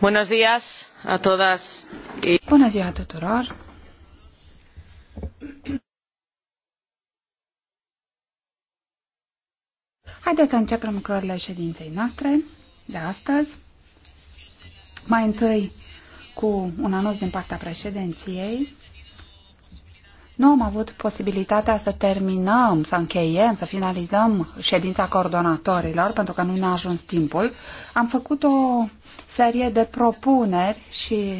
Bună ziua, a todas. Bună ziua tuturor. Haideți să începem lucrările ședinței noastre de astăzi. Mai întâi cu un anunț din partea președinției. Nu am avut posibilitatea să terminăm, să încheiem, să finalizăm ședința coordonatorilor, pentru că nu ne-a ajuns timpul. Am făcut o serie de propuneri și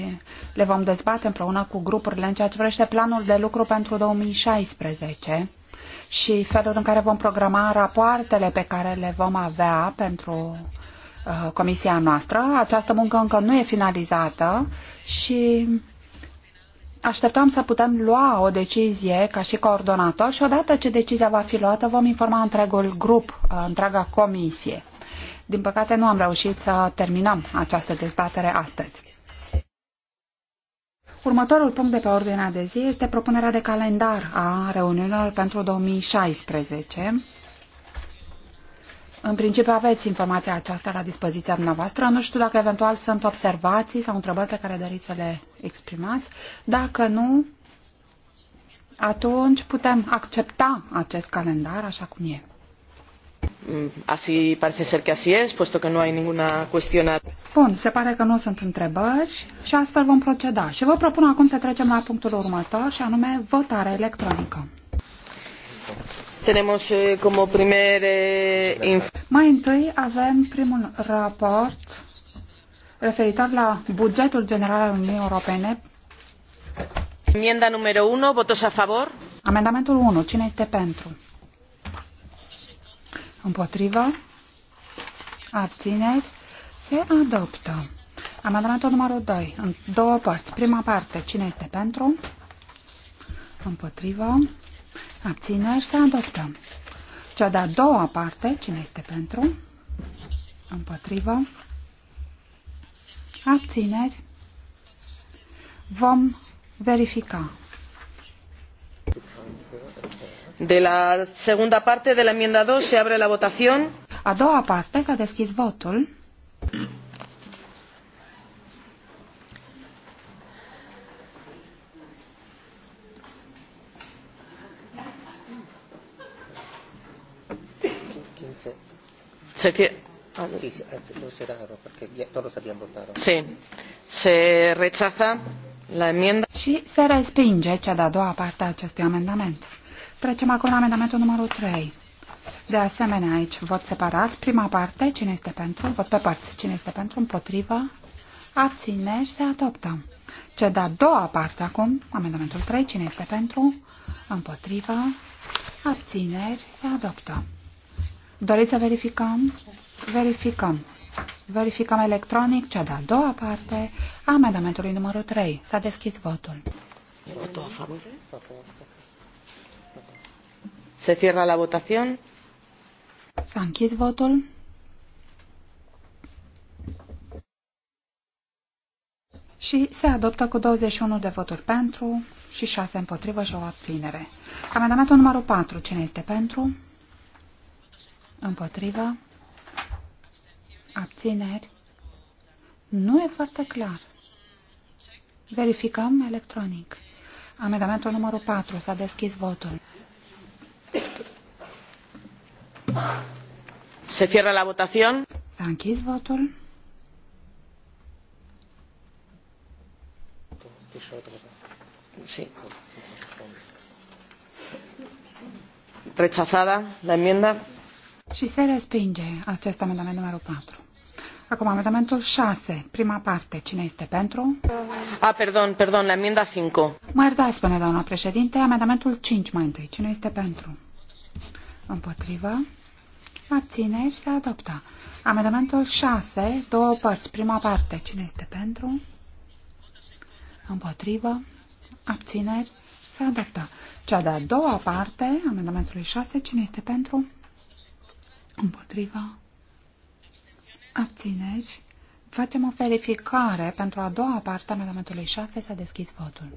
le vom dezbate împreună cu grupurile în ceea ce vrește planul de lucru pentru 2016 și felul în care vom programa rapoartele pe care le vom avea pentru uh, comisia noastră. Această muncă încă nu e finalizată și așteptăm să putem lua o decizie ca și coordonator și odată ce decizia va fi luată vom informa întregul grup, întreaga comisie. Din păcate nu am reușit să terminăm această dezbatere astăzi. Următorul punct de pe ordinea de zi este propunerea de calendar a reuniunilor pentru 2016. În principiu aveți informația aceasta la dispoziția dumneavoastră. Nu știu dacă eventual sunt observații sau întrebări pe care doriți să le exprimați. Dacă nu, atunci putem accepta acest calendar așa cum e. Mm, así parece ser que así es, puesto que no hay ninguna cuestión. Bun, se pare că nu sunt întrebări și astfel vom proceda. Și vă propun acum să trecem la punctul următor și anume votarea electronică. Eh, eh, Mai întâi avem primul raport referitor la bugetul general al Uniunii Europene. Enmienda numărul 1, votos a favor. Amendamentul 1, cine este pentru? Împotriva? Abțineri? Se adoptă. Amendamentul numărul 2, în două părți. Prima parte, cine este pentru? Împotriva? abțineri, se adoptăm. Cea de-a doua parte, cine este pentru? Împotrivă. Abțineri. Vom verifica. De la segunda parte de la enmienda 2 se abre la votación. A doua parte s-a deschis votul. Se ah, ah, Sí, no será porque ya todos habían votado. Sí. Se rechaza la enmienda. Și se respinge cea de-a doua parte a acestui amendament. Trecem acum la amendamentul numărul 3. De asemenea, aici vot separat. Prima parte, cine este pentru? Vot pe părți. Cine este pentru? Împotrivă? Abține și se adoptă. Ce de-a doua parte acum, amendamentul 3, cine este pentru? Împotrivă? Abțineri se adoptă. Doriți să verificăm? Verificăm. Verificăm electronic cea de-a doua parte a amendamentului numărul 3. S-a deschis votul. Votul a favor. Se cierra la votación. S-a închis votul. și se adoptă cu 21 de voturi pentru și 6 împotrivă și o abținere. Amendamentul numărul 4. Cine este pentru? Împotriva? Abțineri? Nu e foarte clar. Verificăm electronic. Amendamentul numărul 4. S-a deschis votul. Se cierra la votación. S-a închis votul. Sí. Rechazada la enmienda. Și se respinge acest amendament numărul 4. Acum, amendamentul 6, prima parte. Cine este pentru? Ah, perdon, perdon, la amenda 5. Mă iertați, da, spune doamna președinte, amendamentul 5 mai întâi. Cine este pentru? Împotrivă. Abțineri se adoptă. Amendamentul 6, două părți. Prima parte. Cine este pentru? Împotrivă. Abțineri se adoptă. Cea de-a doua parte, amendamentului 6, cine este pentru? împotriva, abțineri. Facem o verificare pentru a doua parte a amendamentului 6. S-a deschis votul.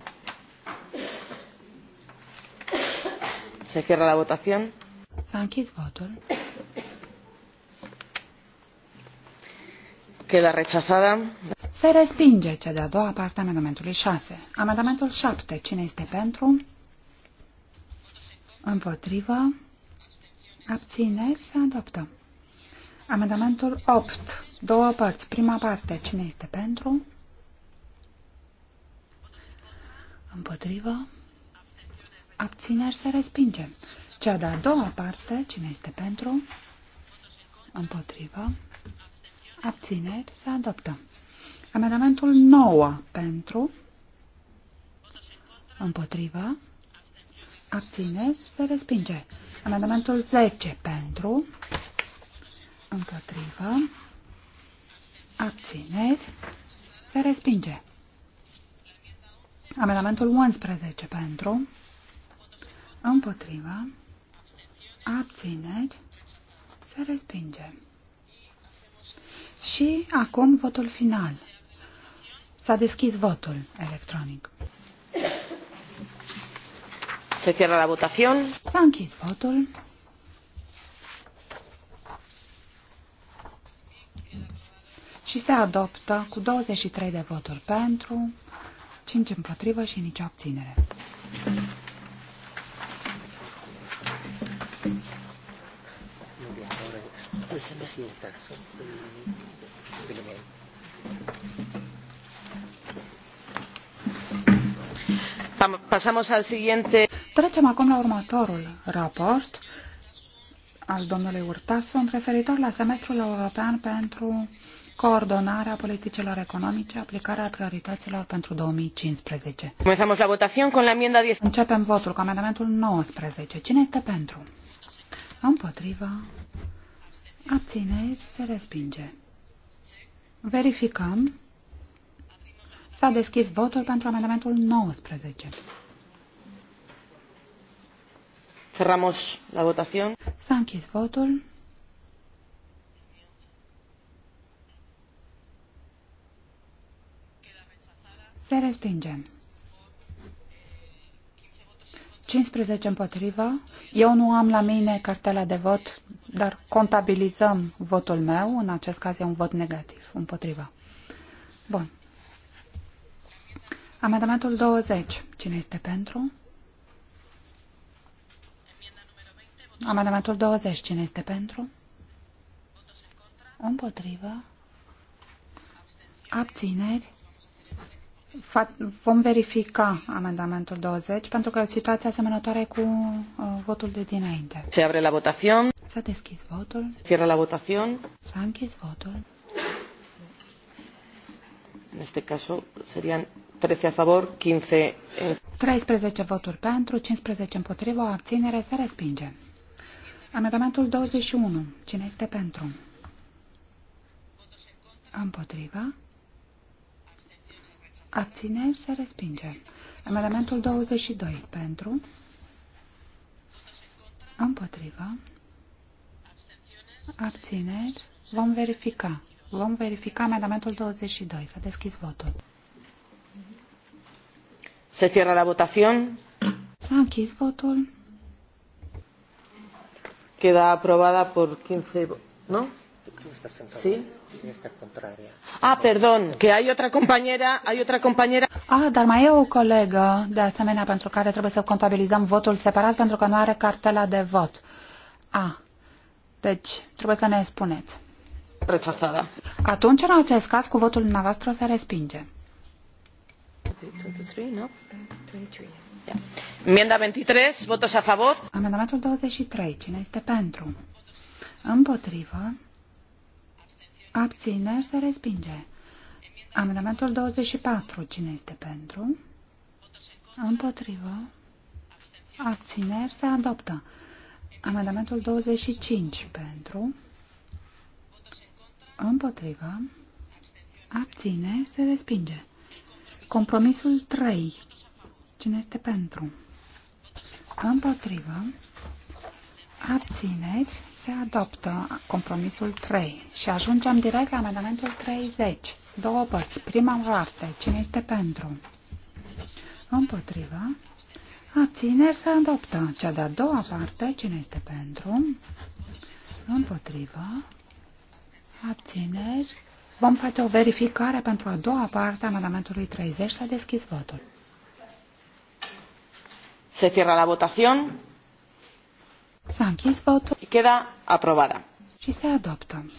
Se cierra la votación. S-a închis votul. Queda rechazada. Se respinge cea de-a doua parte a amendamentului 6. Amendamentul 7. Cine este pentru? Împotriva. Abțineri se adoptă. Amendamentul 8. Două părți. Prima parte. Cine este pentru? Împotrivă. Abțineri se respinge. Cea de-a doua parte. Cine este pentru? Împotrivă. Abțineri se adoptă. Amendamentul 9. Pentru. Împotrivă. Abțineri se respinge. Amendamentul 10 pentru, împotrivă, abțineri, se respinge. Amendamentul 11 pentru, împotrivă, abțineri, se respinge. Și acum votul final. S-a deschis votul electronic. Se cierra la votación. Thank you, închis votul. Și se adoptă cu 23 de voturi pentru, 5 împotrivă și nicio abținere. Pasamos al siguiente. Trecem acum la următorul raport al domnului Urtasun referitor la semestrul european pentru coordonarea politicilor economice, aplicarea priorităților pentru 2015. Comenzamos la votación con la enmienda 10. Începem votul cu amendamentul 19. Cine este pentru? Împotriva. Abțineri. Se respinge. Verificăm. S-a deschis votul pentru amendamentul 19. Cerramos la votación. S-a închis votul. Se respinge. 15 împotriva. Eu nu am la mine cartela de vot, dar contabilizăm votul meu. În acest caz e un vot negativ, împotriva. Bun. Amendamentul 20. Cine este pentru? Amendamentul 20. Cine este pentru? Împotrivă. Abțineri. Vom verifica amendamentul 20 pentru că o situație asemănătoare cu uh, votul de dinainte. Se abre la votación. S-a deschis votul. Cierra la votación. S-a închis votul. În acest caz, serían 13 a favor, 15 13 voturi pentru, 15 împotrivă, o abținere se respinge. Amendamentul 21. Cine este pentru? Împotriva. Abțineri se respinge. Amendamentul 22. Pentru. Împotriva. Abțineri. Vom verifica. Vom verifica amendamentul 22. S-a deschis votul. Se cierra la votación. S-a închis votul queda aprobada por 15 no ¿Sí? Ah, perdón, că ai otra compañera, ai otra compañera. Ah, dar mai e o colegă, de asemenea, pentru care trebuie să contabilizăm votul separat, pentru că nu are cartela de vot. Ah, deci, trebuie să ne spuneți. Rechazada. Atunci, în acest caz, cu votul dumneavoastră se respinge. 23, 23, 23, votos a favor. Amendamentul 23, cine este pentru? Împotrivă. Abțineri se respinge. Amendamentul 24, cine este pentru? Împotrivă. Abțineri se adoptă. Amendamentul 25 pentru. Împotrivă. Abține se respinge. Compromisul 3. Cine este pentru? Împotrivă. Abțineri. Se adoptă compromisul 3. Și ajungem direct la amendamentul 30. Două părți. Prima parte. Cine este pentru? Împotrivă. Abțineri se adoptă. Cea de-a doua parte, cine este pentru? Împotrivă. Abțineri Vom face o verificare pentru a doua parte a amendamentului 30. S-a deschis votul. Se cierra la votación. S-a închis votul. Y queda aprobada. Și se adoptă.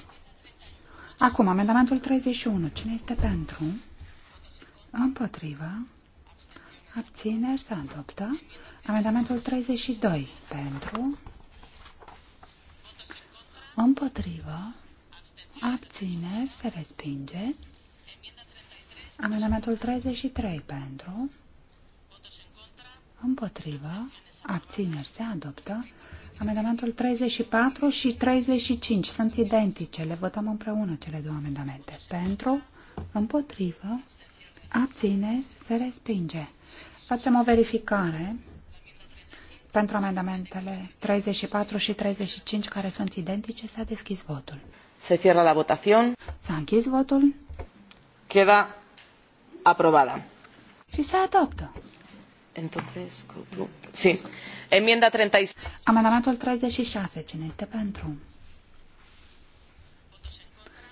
Acum, amendamentul 31. Cine este pentru? Împotrivă. Abțineri se adoptă. Amendamentul 32. Pentru. Împotrivă. Abțineri se respinge. Amendamentul 33 pentru. Împotrivă. Abțineri se adoptă. Amendamentul 34 și 35 sunt identice. Le votăm împreună cele două amendamente. Pentru, împotrivă, abțineri se respinge. Facem o verificare pentru amendamentele 34 și 35 care sunt identice. S-a deschis votul. Se cierra la votación. S-a închis votul. Queda aprobada. Și se adoptă. Entonces, sí. Enmienda 36. Amendamentul 36. Cine este pentru?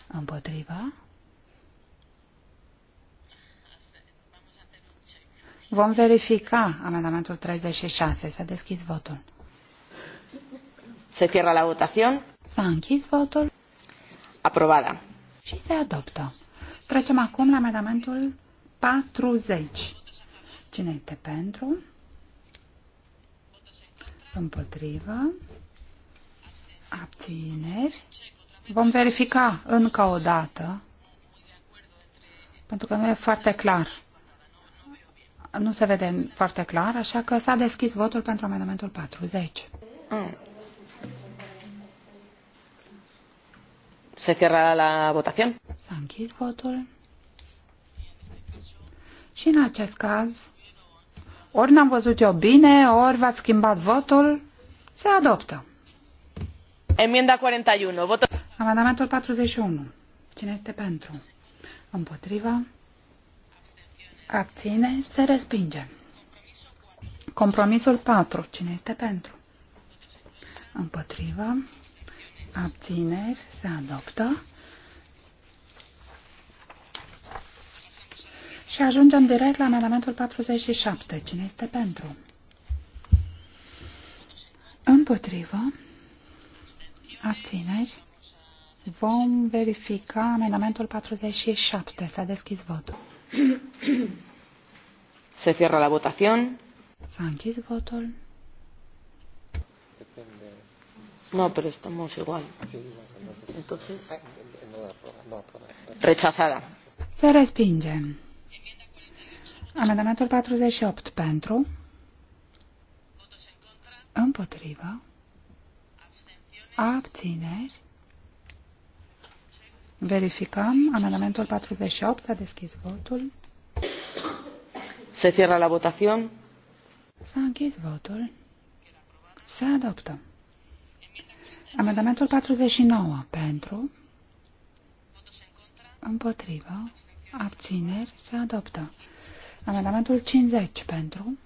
Împotriva? Vom verifica amendamentul 36. S-a deschis votul. Se cierra la votación. S-a închis votul aprobada. Și se adoptă. Trecem acum la amendamentul 40. Cine este pentru? Împotrivă. Abțineri. Vom verifica încă o dată, pentru că nu e foarte clar. Nu se vede foarte clar, așa că s-a deschis votul pentru amendamentul 40. Se cerrará la votación. S-a închis votul. Și în acest caz, ori n-am văzut eu bine, ori v-ați schimbat votul, se adoptă. Emienda 41. Votă... Amendamentul 41. Cine este pentru? Împotriva? Abține? Se respinge. Compromisul 4. Cine este pentru? Împotriva? abțineri, se adoptă. Și ajungem direct la amendamentul 47. Cine este pentru? Împotrivă, abțineri, vom verifica amendamentul 47. S-a deschis votul. Se cierra la votación. S-a închis votul. No, pero estamos igual. Entonces. Ah, da da rechazada. Se respinge. Amendamentul 48 pentru. Împotrivă. Abțineri. Verificăm. Amendamentul 48. S-a deschis votul. Se cierra la votación. S-a închis votul. Se adoptă. Amendamentul 49 pentru, împotrivă, abțineri, se adoptă. Amendamentul 50 pentru,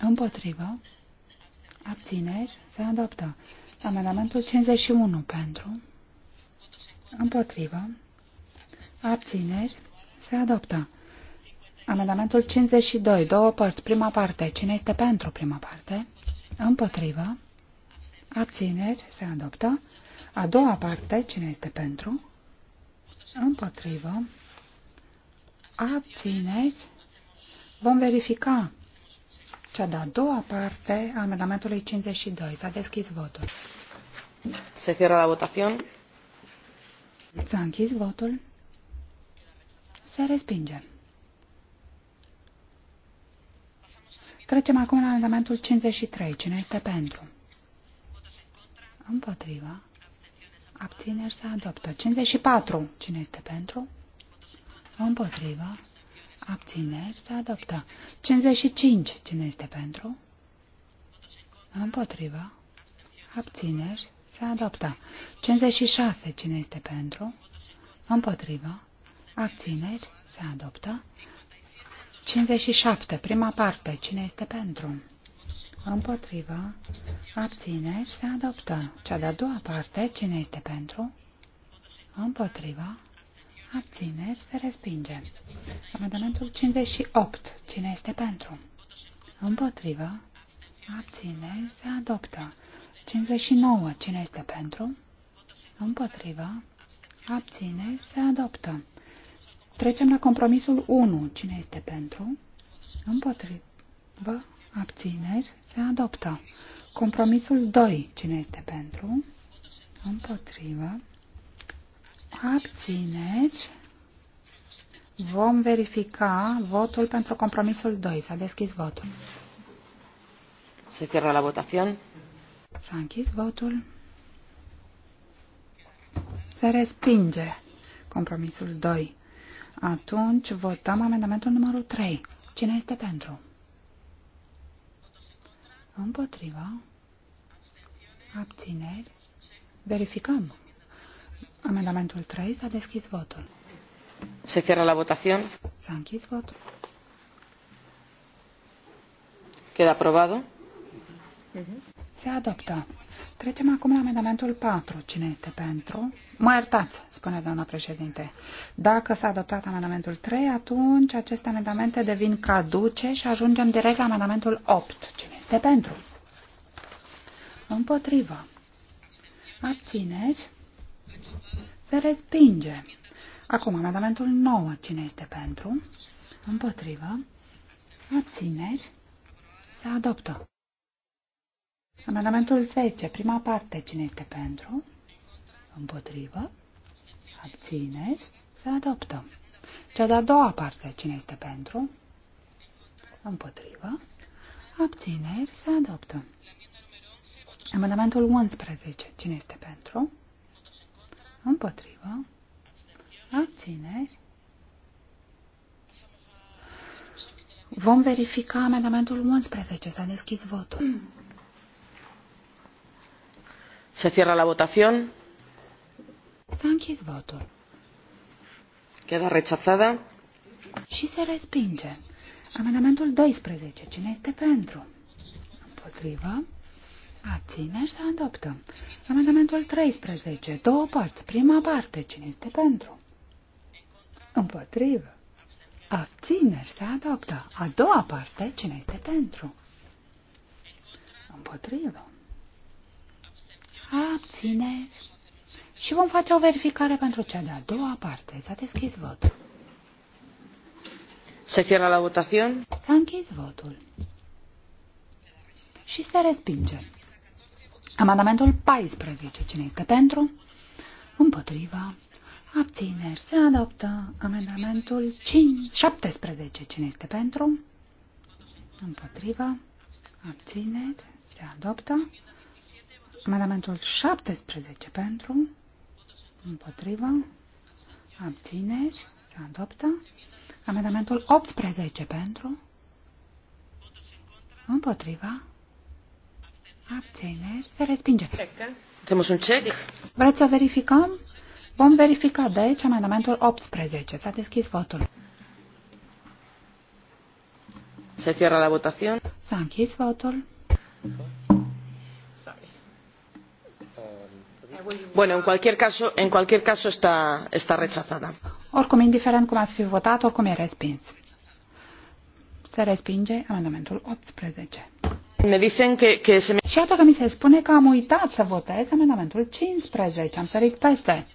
împotrivă, abțineri, se adoptă. Amendamentul 51 pentru, împotrivă, abțineri, se adoptă. Amendamentul 52, două părți, prima parte. Cine este pentru prima parte? Împotrivă. Abțineri se adoptă. A doua parte, cine este pentru? Împotrivă. Abțineri. Vom verifica cea de-a doua parte a amendamentului 52. S-a deschis votul. Se cierra la votación. S-a închis votul. Se respinge. Trecem acum la amendamentul 53. Cine este pentru? Împotriva. Abțineri se adoptă. 54. Cine este pentru? Împotriva. Abțineri se adoptă. 55. Cine este pentru? Împotriva. Abțineri se adoptă. 56. Cine este pentru? Împotriva. Abțineri se adoptă. 57. Prima parte. Cine este pentru? împotriva, abțineri, se adoptă. Cea de-a doua parte, cine este pentru, împotriva, abțineri, se respinge. Amendamentul 58, cine este pentru, împotriva, abțineri, se adoptă. 59, cine este pentru, împotriva, abțineri, se adoptă. Trecem la compromisul 1, cine este pentru, împotriva, abțineri, se adoptă. Compromisul 2. Cine este pentru? Împotrivă. Abțineri. Vom verifica votul pentru compromisul 2. S-a deschis votul. Se cierra la votación. S-a închis votul. Se respinge compromisul 2. Atunci votăm amendamentul numărul 3. Cine este pentru? Împotriva. Abțineri. Verificăm. Amendamentul 3 s-a deschis votul. Se cierra la votación. S-a închis votul. Queda aprobado. Se adoptă. Trecem acum la amendamentul 4. Cine este pentru? Mă iertați, spune doamna președinte. Dacă s-a adoptat amendamentul 3, atunci aceste amendamente devin caduce și ajungem direct la amendamentul 8. Cine este pentru. Împotrivă. Abțineți. Se respinge. Acum amendamentul 9. Cine este pentru? Împotrivă. Abțineți. Se adoptă. Amendamentul 10. Prima parte. Cine este pentru? Împotrivă. Abțineți. Se adoptă. Cea de-a doua parte. Cine este pentru? Împotrivă. Abțineri se adoptă. Amendamentul 11. Cine este pentru? Împotrivă. Abțineri. Vom verifica amendamentul 11. S-a deschis votul. Se cierra la votación. S-a închis votul. Queda rechazada. Și se respinge. Amendamentul 12. Cine este pentru? Împotrivă. Abține și se adoptă. Amendamentul 13. Două părți. Prima parte. Cine este pentru? Împotrivă. Abțineri se adoptă. A doua parte, cine este pentru? Împotrivă. Abțineri. Și vom face o verificare pentru cea de-a doua parte. S-a deschis votul. Se cierra la votación. S-a închis votul. Și se respinge. Amendamentul 14. Cine este pentru? Împotriva. Abțineri. Se adoptă amendamentul 5, 17. Cine este pentru? Împotriva. Abțineri. Se adoptă. Amendamentul 17 pentru. Împotriva. Abțineri. Se adoptă. Amendamentul 18 pentru. Împotriva. Abțineri. Se respinge. Vreți să verificăm? Vom verifica, deci, amendamentul 18. S-a deschis votul. Se cierra la votación. S-a închis votul. Bueno, en cualquier caso, en cualquier caso está, está rechazada. Oricum, indiferent cum ați fi votat, oricum e respins. Se respinge amendamentul 18. Me dicen que, que se me... Și iată că mi se spune că am uitat să votez amendamentul 15. Am sărit peste.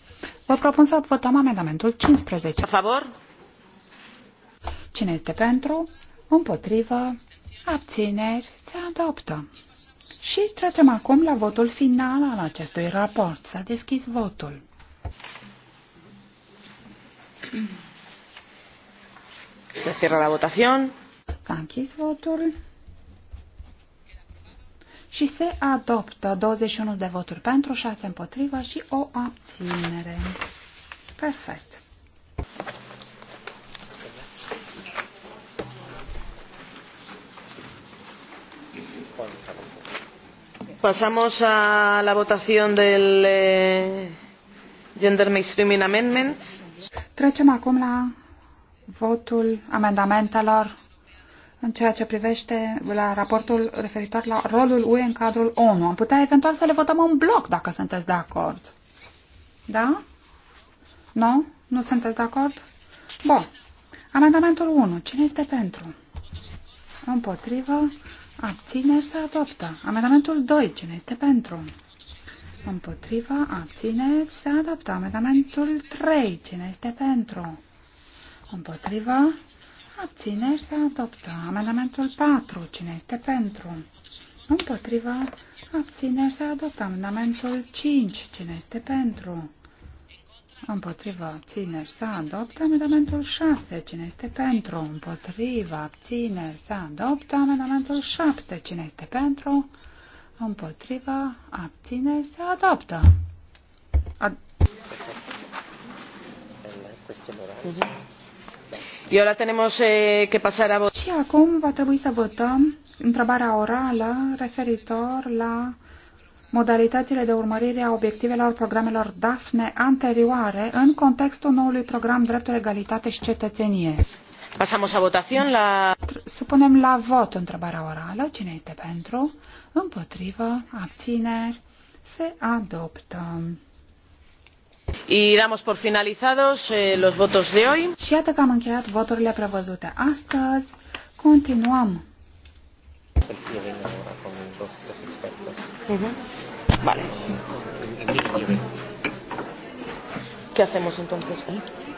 Vă propun să votăm amendamentul 15. A favor? Cine este pentru? Împotrivă? Abțineri? Se adoptă. Și trecem acum la votul final al acestui raport. S-a deschis votul. Se cierra la votación. S-a închis votul. Și se adoptă 21 de voturi pentru, 6 împotrivă și o abținere. Perfect. Pasamos a la votación del eh, Gender Mainstreaming Amendments. Trecem acum la votul amendamentelor în ceea ce privește la raportul referitor la rolul UE în cadrul ONU. Am putea eventual să le votăm în bloc, dacă sunteți de acord. Da? Nu? Nu sunteți de acord? Bun. Amendamentul 1. Cine este pentru? Împotrivă. Abțineri se adoptă. Amendamentul 2. Cine este pentru? Împotriva, abțineri, se adoptă. Amendamentul 3. Cine este pentru? Împotriva, abțineri, se adoptă. Amendamentul 4. Cine este pentru? Împotriva, abțineri, se adoptă. Amendamentul 5. Cine este pentru? Împotriva, abțineri, se adoptă. Amendamentul 6. Cine este pentru? Împotriva, abțineri, se adoptă. Amendamentul 7. Cine este pentru? împotriva, abțineri, se adoptă. Ad Y ahora tenemos eh, que pasar a votar. Și acum va trebui să votăm întrebarea orală referitor la modalitățile de urmărire a obiectivelor programelor DAFNE anterioare în contextul noului program Dreptul, Egalitate și Cetățenie. Pasamos a votación la... Supunem la vot întrebarea orală. Cine este pentru? împotrivă, abțineri, se adoptă. Y damos por finalizados eh, los votos de hoy. Și iată că am încheiat voturile prevăzute astăzi. Continuăm. Vale. ¿Qué hacemos entonces? Eh?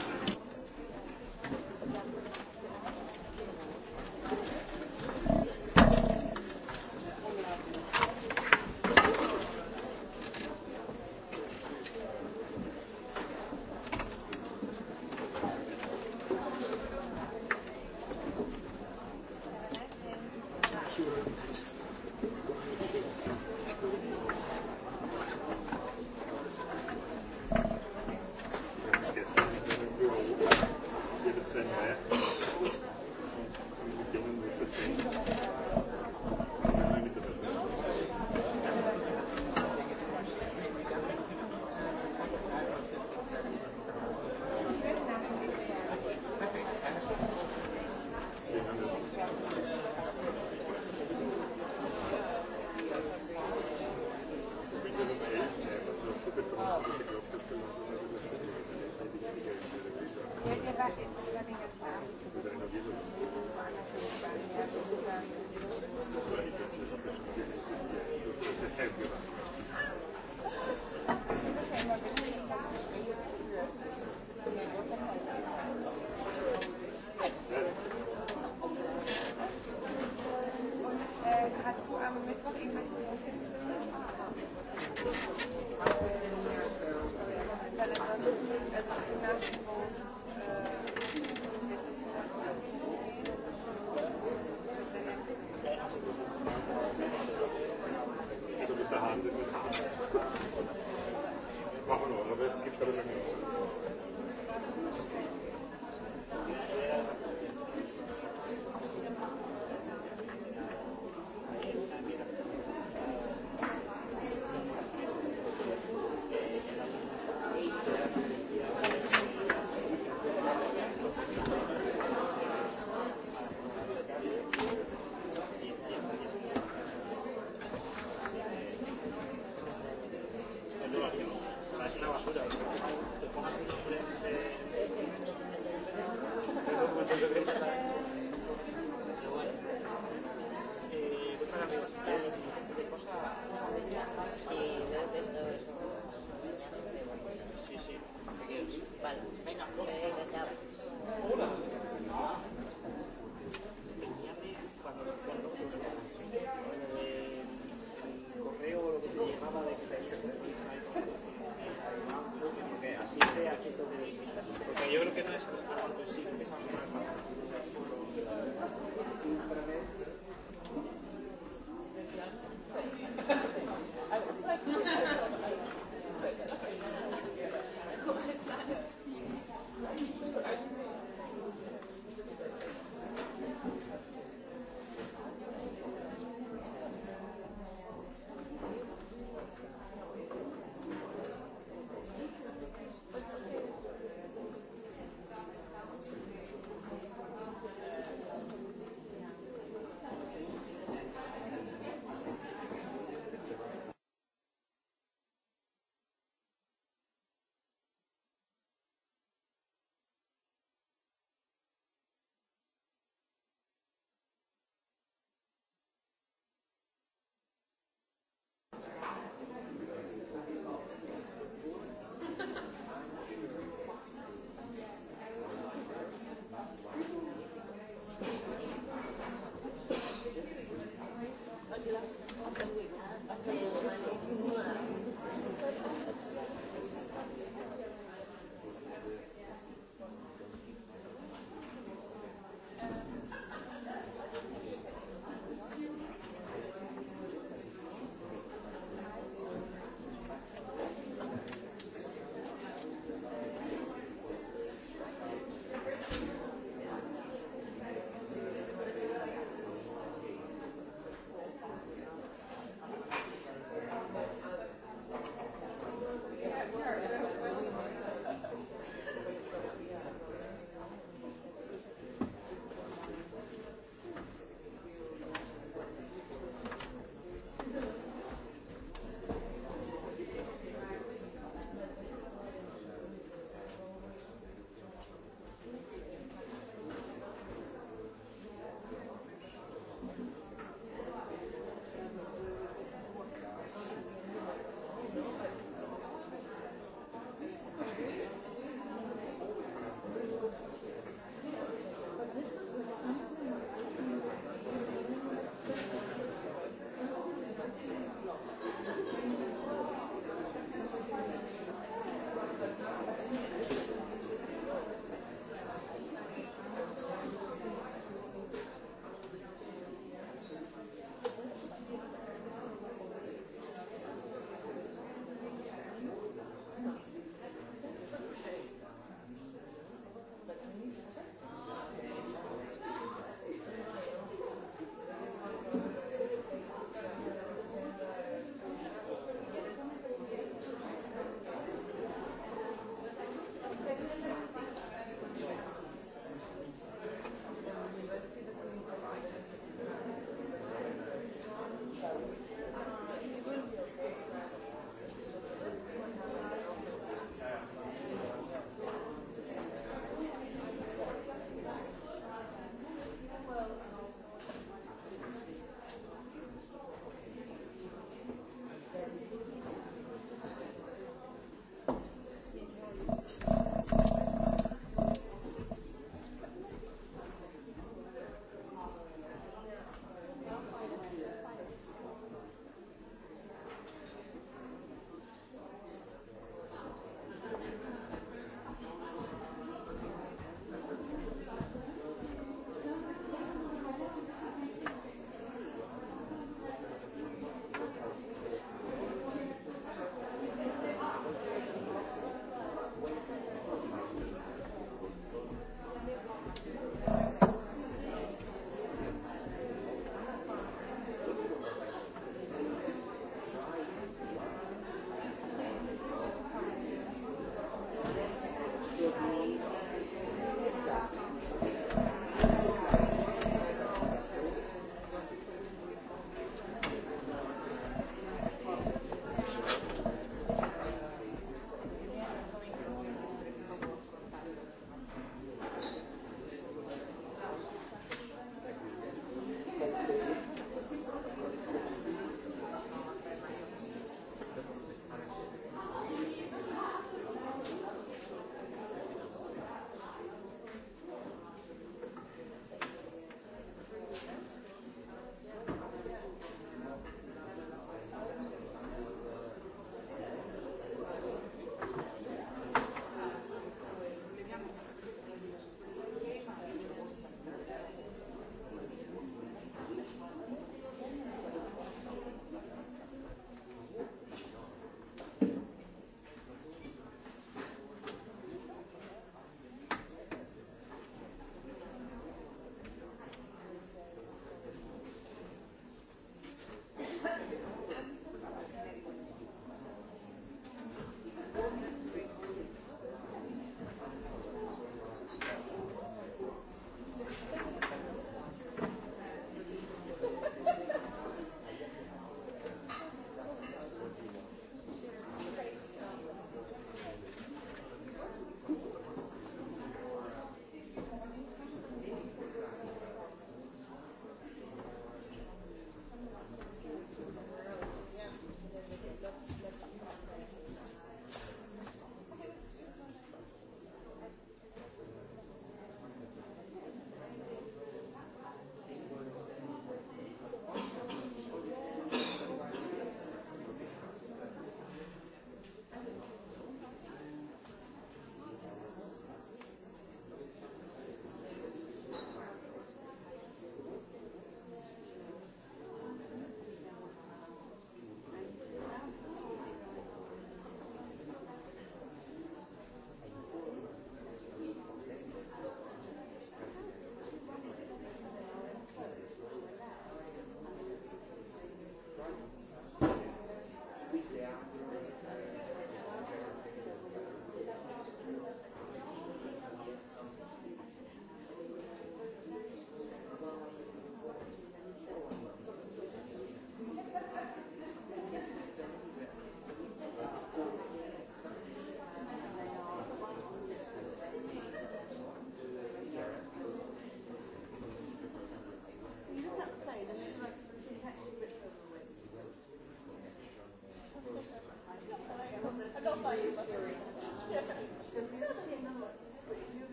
experience.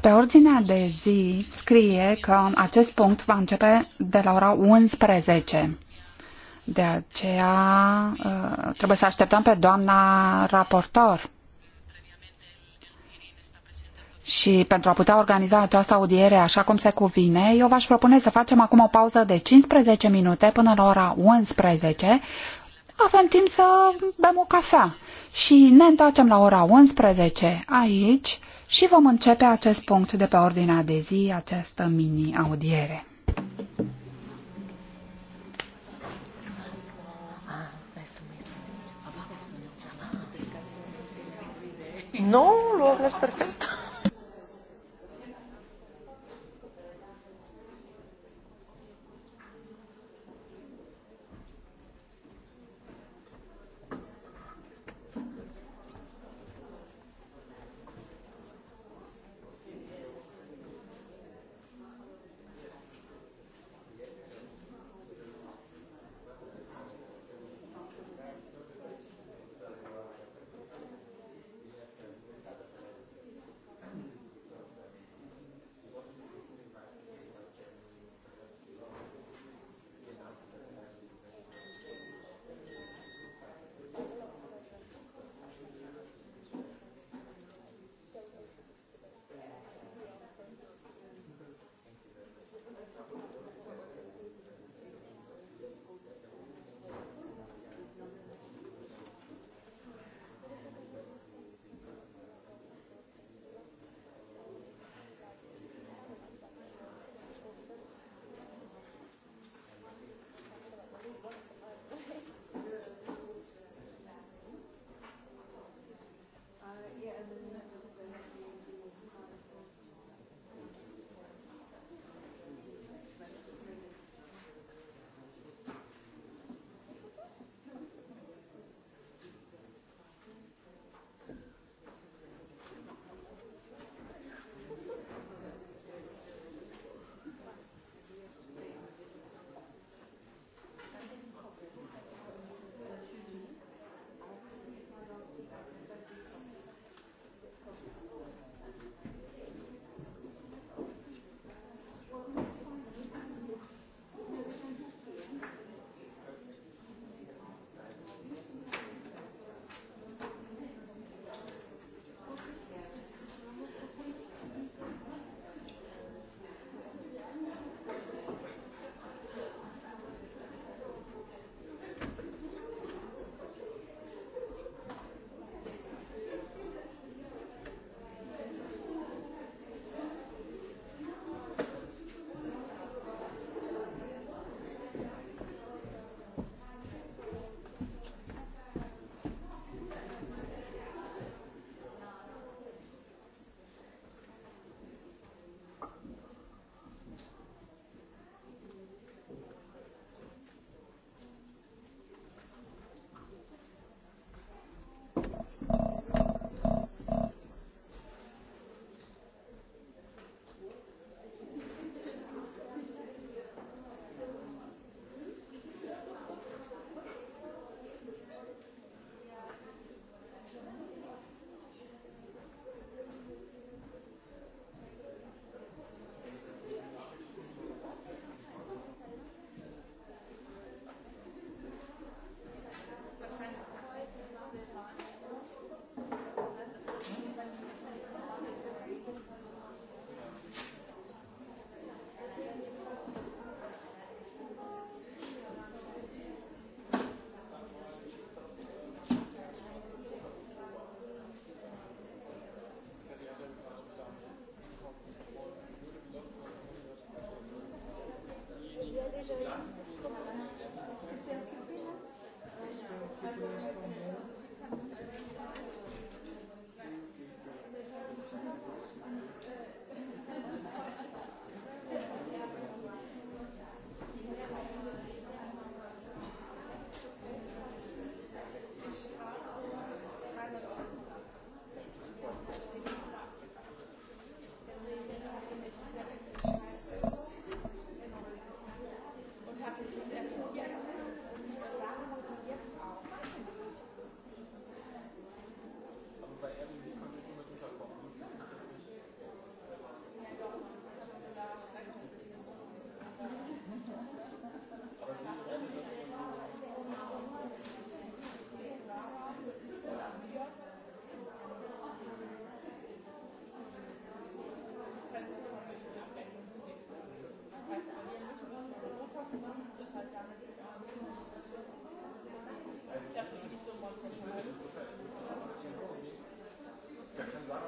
Pe ordinea de zi scrie că acest punct va începe de la ora 11. De aceea uh, trebuie să așteptăm pe doamna raportor. Și pentru a putea organiza această audiere așa cum se cuvine, eu v-aș propune să facem acum o pauză de 15 minute până la ora 11. Avem timp să bem o cafea și ne întoarcem la ora 11 aici și vom începe acest punct de pe ordinea de zi, această mini-audiere. No, lo hablas perfecto.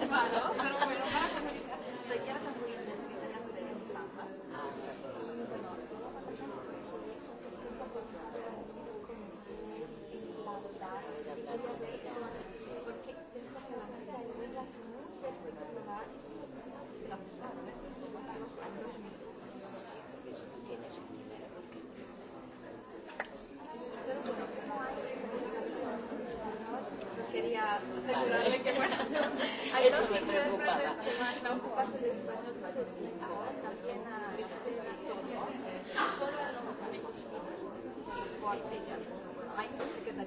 Vale. Алексей Тяжков. Они все-таки на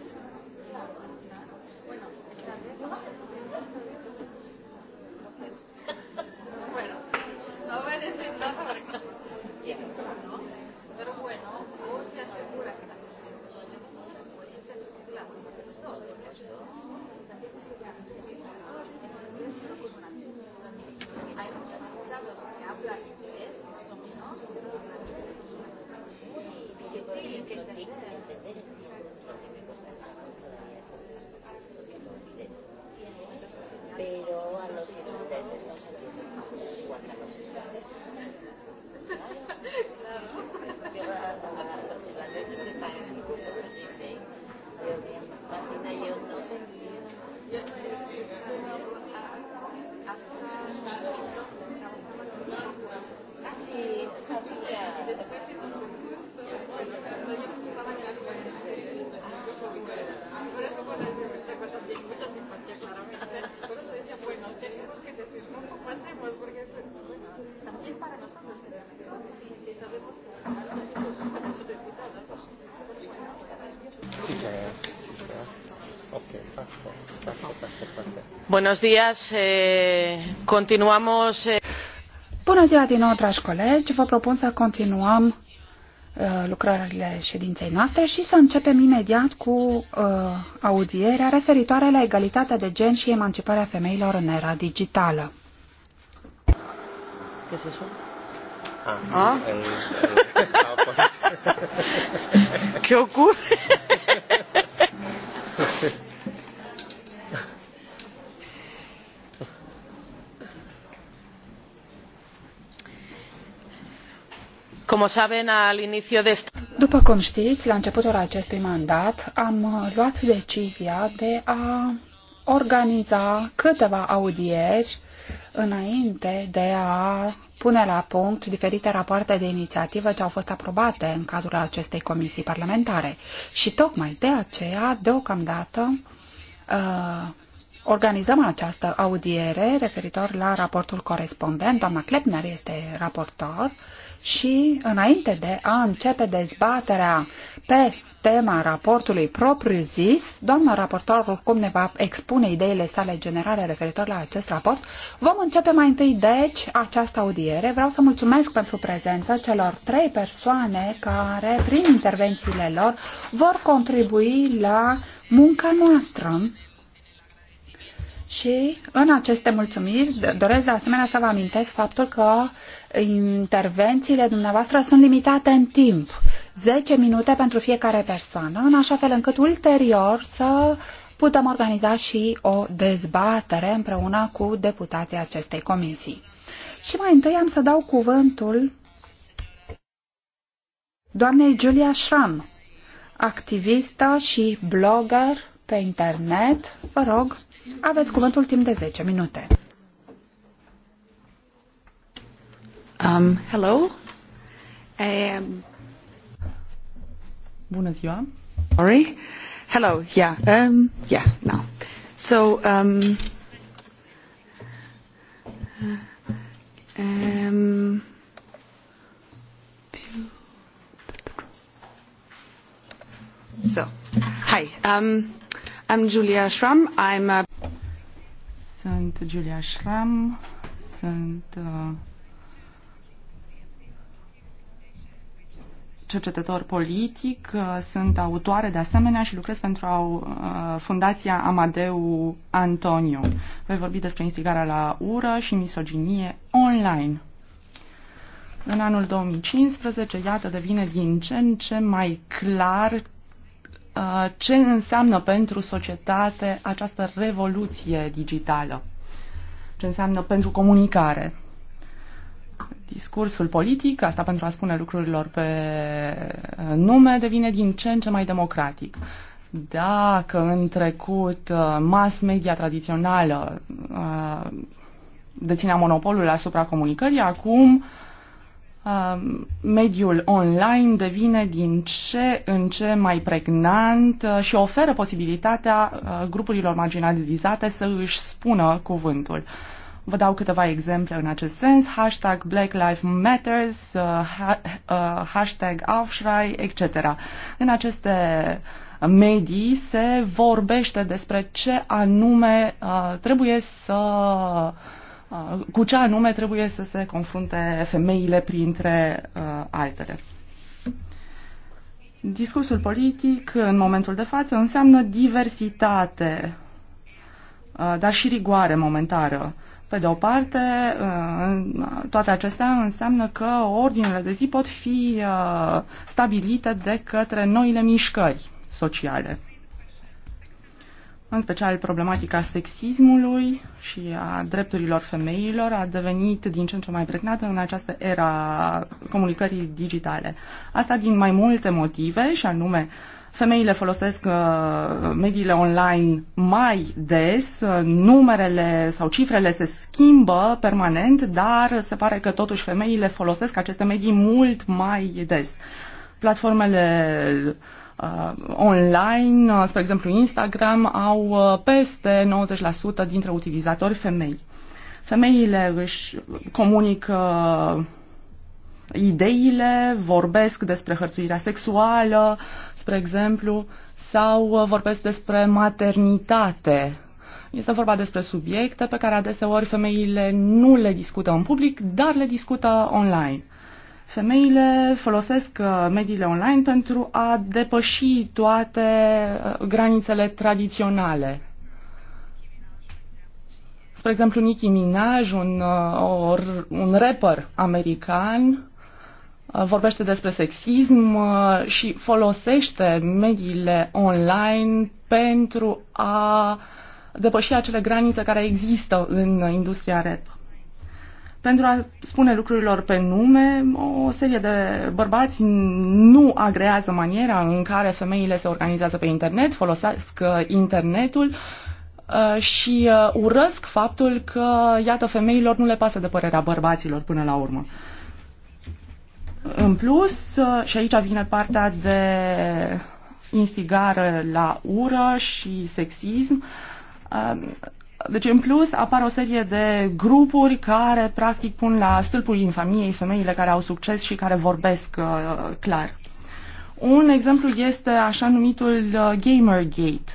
Bună ziua din nou, dragi colegi. Vă propun să continuăm lucrările ședinței noastre și să începem imediat cu uh, audierea referitoare la egalitatea de gen și emanciparea femeilor în era digitală. Ah, ¿Ah? El, ocurre? După cum știți, la începutul acestui mandat am uh, luat decizia de a organiza câteva audieri înainte de a pune la punct diferite rapoarte de inițiativă ce au fost aprobate în cadrul acestei comisii parlamentare. Și tocmai de aceea, deocamdată, uh, organizăm această audiere referitor la raportul corespondent. Doamna Klepner este raportor și înainte de a începe dezbaterea pe tema raportului propriu-zis, doamna raportor cum ne va expune ideile sale generale referitor la acest raport. Vom începe mai întâi, deci, această audiere. Vreau să mulțumesc pentru prezența celor trei persoane care, prin intervențiile lor, vor contribui la munca noastră. Și în aceste mulțumiri doresc de asemenea să vă amintesc faptul că intervențiile dumneavoastră sunt limitate în timp. 10 minute pentru fiecare persoană, în așa fel încât ulterior să putem organiza și o dezbatere împreună cu deputații acestei comisii. Și mai întâi am să dau cuvântul doamnei Julia Schramm, activistă și blogger pe internet. Vă rog, aveți cuvântul timp de 10 minute. Um, hello. Um, Bună ziua. Sorry. Hello. Yeah. Um, yeah. Now. So. Um, um, so. Hi. Um, I'm Julia Schramm. I'm. A... Sunt Julia Schramm. Sunt. Uh cercetător politic, uh, sunt autoare de asemenea și lucrez pentru uh, Fundația Amadeu Antonio. Voi vorbi despre instigarea la ură și misoginie online. În anul 2015, iată, devine din ce în ce mai clar uh, ce înseamnă pentru societate această revoluție digitală, ce înseamnă pentru comunicare discursul politic, asta pentru a spune lucrurilor pe nume, devine din ce în ce mai democratic. Dacă în trecut uh, mass media tradițională uh, deținea monopolul asupra comunicării, acum uh, mediul online devine din ce în ce mai pregnant și oferă posibilitatea grupurilor marginalizate să își spună cuvântul. Vă dau câteva exemple în acest sens. Hashtag Black Lives uh, uh, hashtag Aufschrei, etc. În aceste medii se vorbește despre ce anume uh, trebuie să uh, cu ce anume trebuie să se confrunte femeile printre uh, altele. Discursul politic în momentul de față înseamnă diversitate, dar și rigoare momentară. Pe de o parte, uh, toate acestea înseamnă că ordinele de zi pot fi uh, stabilite de către noile mișcări sociale în special problematica sexismului și a drepturilor femeilor, a devenit din ce în ce mai pregnată în această era comunicării digitale. Asta din mai multe motive, și anume uh, Femeile folosesc uh, mediile online mai des, numerele sau cifrele se schimbă permanent, dar se pare că totuși femeile folosesc aceste medii mult mai des. Platformele uh, online, uh, spre exemplu Instagram, au peste 90% dintre utilizatori femei. Femeile își comunică ideile, vorbesc despre hărțuirea sexuală, spre exemplu, sau vorbesc despre maternitate. Este vorba despre subiecte pe care adeseori femeile nu le discută în public, dar le discută online. Femeile folosesc uh, mediile online pentru a depăși toate uh, granițele tradiționale. Spre exemplu, Nicki Minaj, un, uh, or, un rapper american, Uh, vorbește despre sexism uh, și folosește mediile online pentru a depăși acele granițe care există în industria rap. Pentru a spune lucrurilor pe nume, o serie de bărbați nu agrează maniera în care femeile se organizează pe internet, folosesc uh, internetul și urăsc faptul că, iată, femeilor nu le pasă de părerea bărbaților până la urmă. În plus, uh, și aici vine partea de instigare la ură și sexism, um, deci, în plus, apar o serie de grupuri care, practic, pun la stâlpul infamiei femeile care au succes și care vorbesc uh, clar. Un exemplu este așa numitul uh, Gamergate.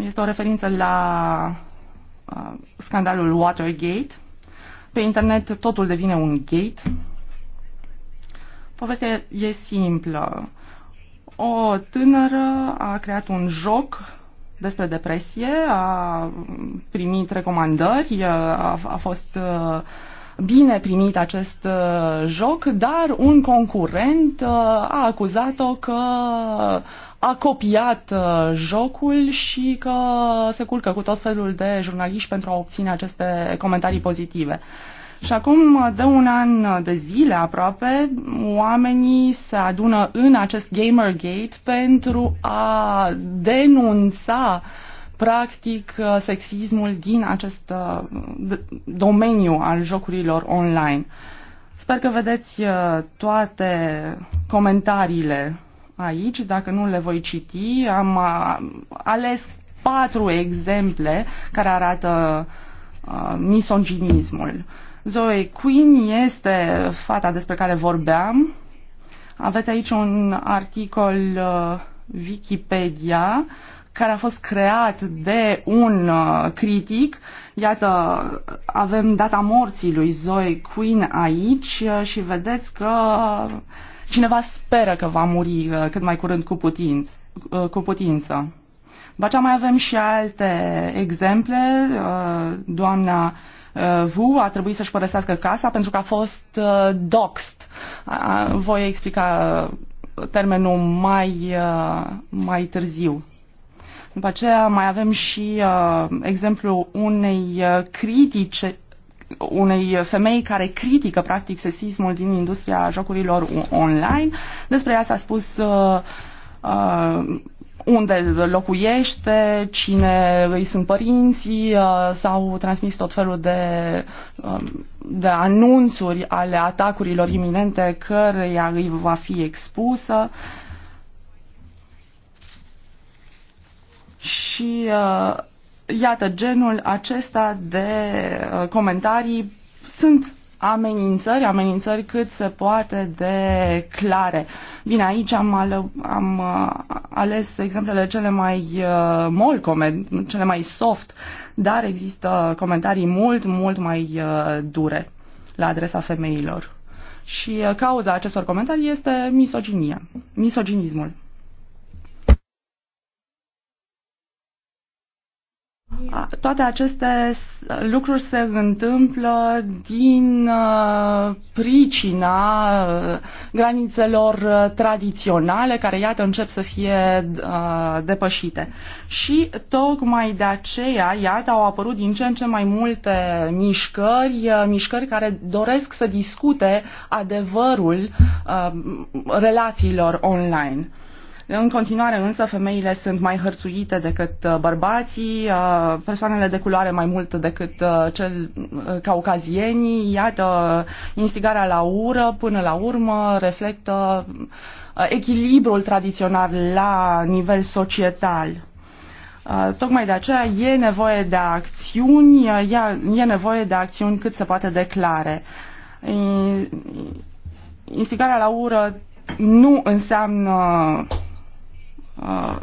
Este o referință la scandalul Watergate. Pe internet totul devine un gate. Povestea e simplă. O tânără a creat un joc despre depresie, a primit recomandări, a, a fost uh, bine primit acest uh, joc, dar un concurent uh, a acuzat-o că a copiat uh, jocul și că se culcă cu tot felul de jurnaliști pentru a obține aceste comentarii pozitive. Și acum, de un an de zile aproape, oamenii se adună în acest Gamergate pentru a denunța uh, practic uh, sexismul din acest uh, domeniu al jocurilor online. Sper că vedeți uh, toate comentariile aici, dacă nu le voi citi. Am ales patru exemple care arată misoginismul. Zoe Queen este fata despre care vorbeam. Aveți aici un articol Wikipedia uh, care a fost creat de un uh, critic. Iată, avem data morții lui Zoe Queen aici uh, și vedeți că cineva speră că va muri uh, cât mai curând cu, putinț, cu putință. După mai avem și alte exemple. Doamna Vu a trebuit să-și părăsească casa pentru că a fost doxed. Voi explica termenul mai, mai târziu. După aceea mai avem și uh, exemplul unei uh, critice unei femei care critică practic sexismul din industria jocurilor online. Despre ea s-a spus uh, uh, unde locuiește, cine îi sunt părinții, uh, s-au transmis tot felul de, um, de anunțuri ale atacurilor iminente căreia îi va fi expusă. Și uh, iată, genul acesta de uh, comentarii sunt amenințări, amenințări cât se poate de clare. Bine, aici am, ale, am uh, ales exemplele cele mai uh, molcome, cele mai soft, dar există comentarii mult, mult mai uh, dure la adresa femeilor. Și uh, cauza acestor comentarii este misoginia, misoginismul. toate aceste lucruri se întâmplă din uh, pricina uh, granițelor uh, tradiționale care, iată, încep să fie depășite. Și tocmai de aceea, iată, au apărut din ce în ce mai multe mișcări, mișcări care doresc să discute adevărul relațiilor online. În continuare însă femeile sunt mai hărțuite decât uh, bărbații, uh, persoanele de culoare mai mult decât uh, cel caucazienii, iată instigarea la ură până la urmă reflectă echilibrul tradițional la nivel societal. Tocmai de aceea e nevoie de acțiuni, e nevoie de acțiuni cât se poate declare. Instigarea la ură nu înseamnă Uh,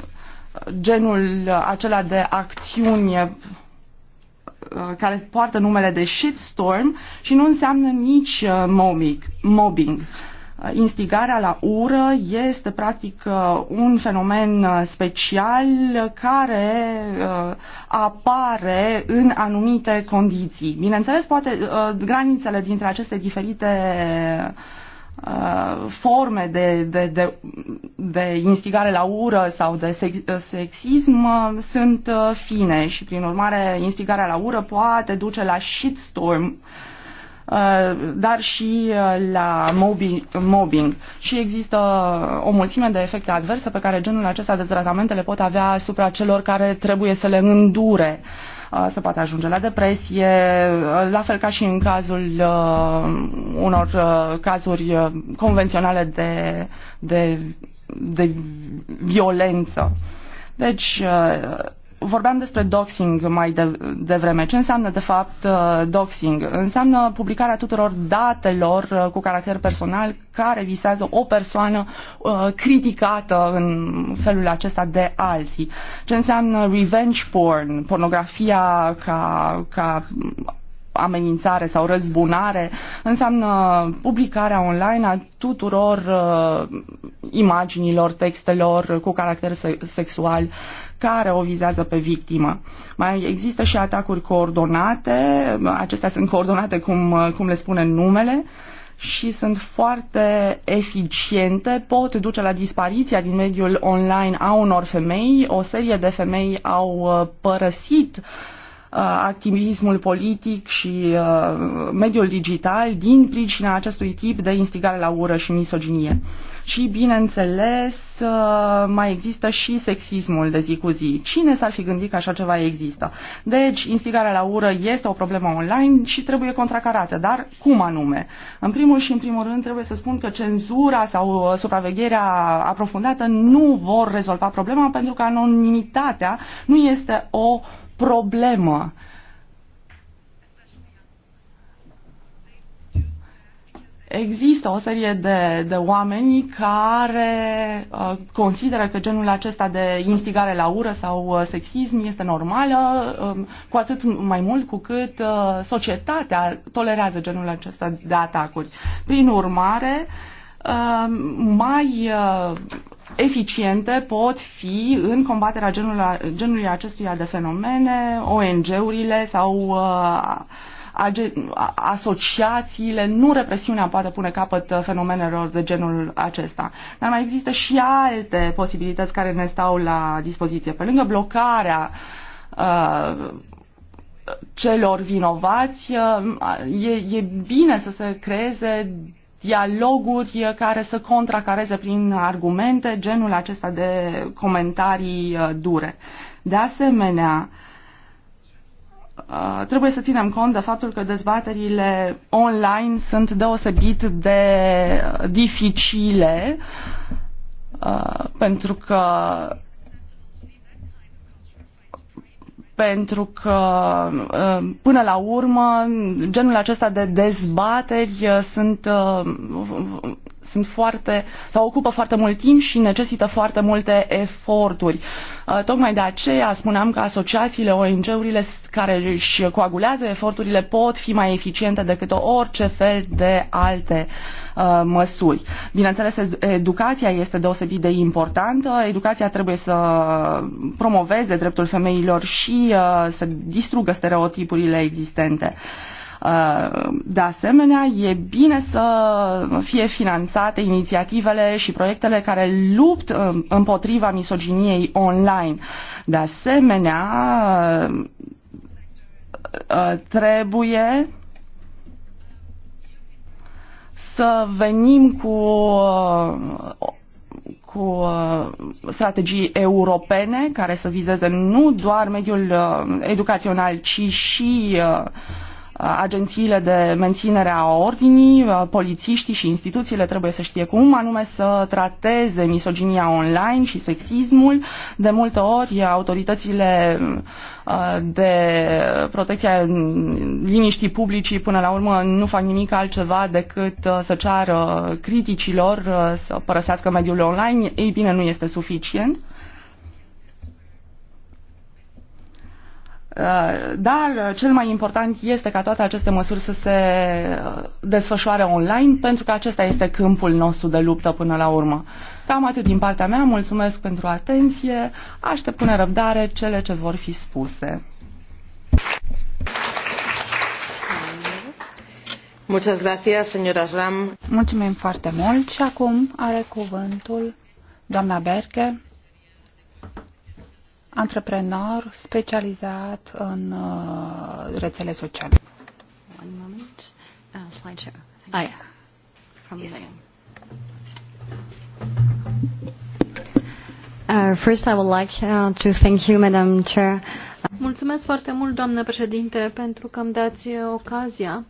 genul acela de acțiuni uh, care poartă numele de shitstorm și nu înseamnă nici uh, mobbing. mobbing. Instigarea la ură este practic un fenomen special care apare în anumite condiții. Bineînțeles, poate granițele dintre aceste diferite uh, Uh, forme de, de, de, de instigare la ură sau de uh, sexism uh, sunt fine și, prin urmare, instigarea la ură poate duce la shitstorm dar și la mobbing. Și există o mulțime de efecte adverse pe care genul acesta de tratamente le pot avea asupra celor care trebuie să le îndure. Uh, se poate ajunge la depresie, la fel ca și în cazul unor cazuri convenționale de, de, de violență. Deci, vorbeam despre doxing mai de, devreme. Ce înseamnă, de fapt, uh, doxing? Înseamnă publicarea tuturor datelor uh, cu caracter personal care visează o persoană uh, criticată în felul acesta de alții. Ce înseamnă revenge porn, pornografia ca, ca amenințare sau răzbunare, înseamnă publicarea online a tuturor uh, imaginilor, textelor cu caracter se- sexual care o vizează pe victimă. Mai există și atacuri coordonate, acestea sunt coordonate cum, cum le spune numele, și sunt foarte eficiente, pot duce la dispariția din mediul online a unor femei. O serie de femei au uh, părăsit uh, Uh, activismul politic și uh, mediul digital din pricina acestui tip de instigare la ură și misoginie. Și, bineînțeles, uh, mai există și sexismul de zi cu zi. Cine s-ar fi gândit că așa ceva există? Deci, instigarea la ură este o problemă online și trebuie contracarată. Dar cum anume? În primul și în primul rând trebuie să spun că cenzura sau supravegherea aprofundată nu vor rezolva problema pentru că anonimitatea nu este o uh, problemă. Există o serie de, de oameni care uh, consideră că genul acesta de instigare la ură sau uh, sexism este normală, uh, cu atât mai mult cu cât uh, societatea tolerează genul acesta de atacuri. Prin urmare, uh, mai uh, eficiente pot fi în combaterea genului, genului acestuia de fenomene, ONG-urile sau uh, asociațiile, nu represiunea poate pune capăt uh, fenomenelor de genul acesta. Dar mai există și alte posibilități care ne stau la dispoziție. Pe lângă blocarea uh, celor vinovați, uh, e, e bine să se creeze dialoguri care să contracareze prin argumente genul acesta de comentarii uh, dure. De asemenea, uh, trebuie să ținem cont de faptul că dezbaterile online sunt deosebit de uh, dificile pentru că pentru că ă, până la urmă genul acesta de dezbateri ă, sunt ă, sunt foarte, sau ocupă foarte mult timp și necesită foarte multe eforturi. Uh, tocmai de aceea spuneam că asociațiile, ONG-urile care își coagulează eforturile pot fi mai eficiente decât orice fel de alte uh, măsuri. Bineînțeles, educația este deosebit de importantă. Educația trebuie să promoveze dreptul femeilor și uh, să distrugă stereotipurile existente. Uh, de asemenea, e bine să fie finanțate inițiativele și proiectele care lupt împotriva misoginiei online. De asemenea, trebuie să venim cu cu strategii europene care să vizeze nu doar mediul uh, educațional, ci și uh, agențiile de menținere a ordinii, uh, polițiștii și instituțiile trebuie să știe cum anume să trateze misoginia online și sexismul. De multe ori autoritățile uh, de protecția liniștii publicii până la urmă nu fac nimic altceva decât uh, să ceară criticilor să părăsească mediul online. Ei bine, nu este suficient. Uh, dar cel mai important este ca toate aceste măsuri să se uh, desfășoare online, pentru că acesta este câmpul nostru de luptă până la urmă. Cam atât din partea mea, mulțumesc pentru atenție, aștept cu nerăbdare cele ce vor fi spuse. Muchas gracias, señora Ram. Mulțumim foarte mult și acum are cuvântul doamna Berke antreprenor specializat în uh, rețele sociale. One moment. Uh, slideshow. Ah, From yes. Uh, first, I would like uh, to thank you, Madam Chair. Mulțumesc foarte mult, doamnă președinte, pentru că îmi dați uh, ocazia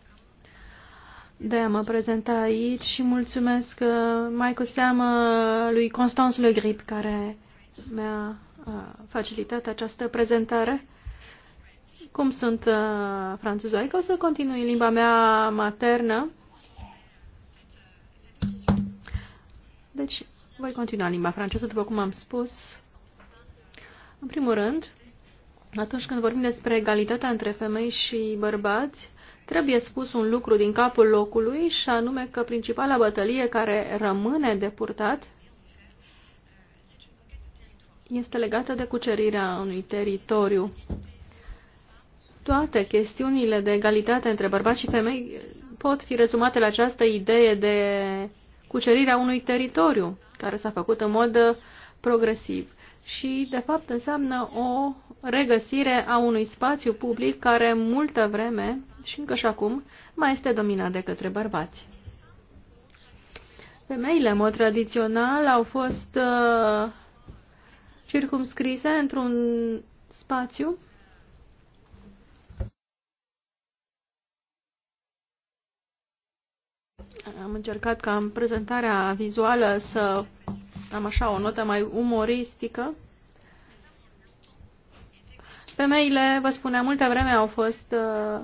de a mă prezenta aici și mulțumesc uh, mai cu seamă lui Constance Le Grip, care mi-a uh, facilitat această prezentare. Cum sunt uh, franțuzoică, o să continui în limba mea maternă. Deci, voi continua limba franceză, după cum am spus. În primul rând, atunci când vorbim despre egalitatea între femei și bărbați, trebuie spus un lucru din capul locului și anume că principala bătălie care rămâne de purtat este legată de cucerirea unui teritoriu. Toate chestiunile de egalitate între bărbați și femei pot fi rezumate la această idee de cucerirea unui teritoriu, care s-a făcut în mod uh, progresiv și, de fapt, înseamnă o regăsire a unui spațiu public care multă vreme și încă și acum mai este dominat de către bărbați. Femeile, în mod tradițional, au fost uh, circumscrise într-un spațiu Am încercat ca în prezentarea vizuală să am așa o notă mai umoristică. Femeile, vă spuneam, multă vreme au fost uh,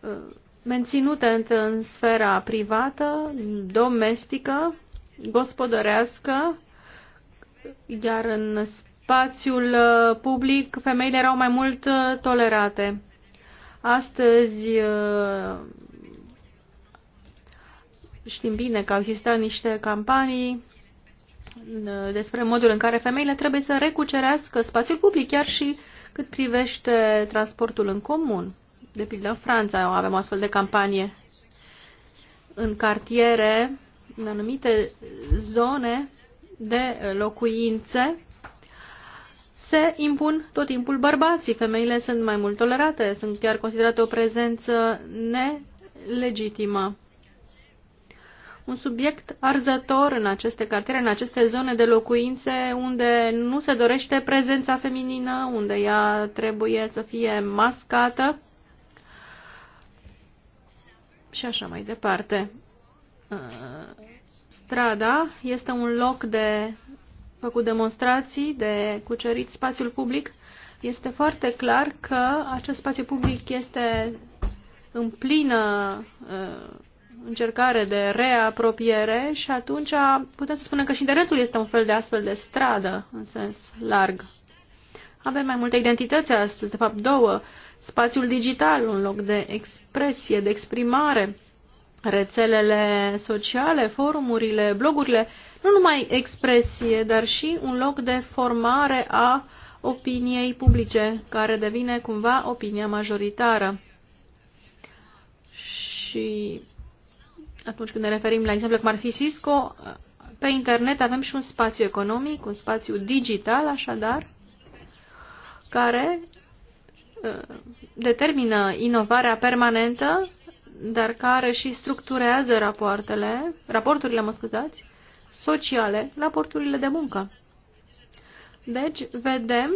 uh menținute în, în sfera privată, domestică, gospodărească, iar în spațiul uh, public femeile erau mai mult uh, tolerate. Astăzi uh, știm bine că au existat niște campanii despre modul în care femeile trebuie să recucerească spațiul public, chiar și cât privește transportul în comun. De pildă, în Franța avem o astfel de campanie. În cartiere, în anumite zone, de uh, locuințe se impun tot timpul bărbații. Femeile sunt mai mult tolerate, sunt chiar considerate o prezență nelegitimă. Un subiect arzător în aceste cartiere, în aceste zone de locuințe unde nu se dorește prezența feminină, unde ea trebuie să fie mascată și așa mai departe. Uh, strada este un loc de făcut demonstrații, de cucerit spațiul public. Este foarte clar că acest spațiu public este în plină uh, încercare de reapropiere și atunci putem să spunem că și internetul este un fel de astfel de stradă în sens larg. Avem mai multe identități astăzi, de fapt două. Spațiul digital, un loc de expresie, de exprimare, rețelele sociale, forumurile, blogurile, nu numai expresie, dar și un loc de formare a opiniei publice, care devine cumva opinia majoritară. Și atunci când ne referim la exemple cum ar fi Cisco, pe internet avem și un spațiu economic, un spațiu digital, așadar, care uh, determină inovarea permanentă dar care și structurează rapoartele, raporturile, mă scuzați, sociale, raporturile de muncă. Deci, vedem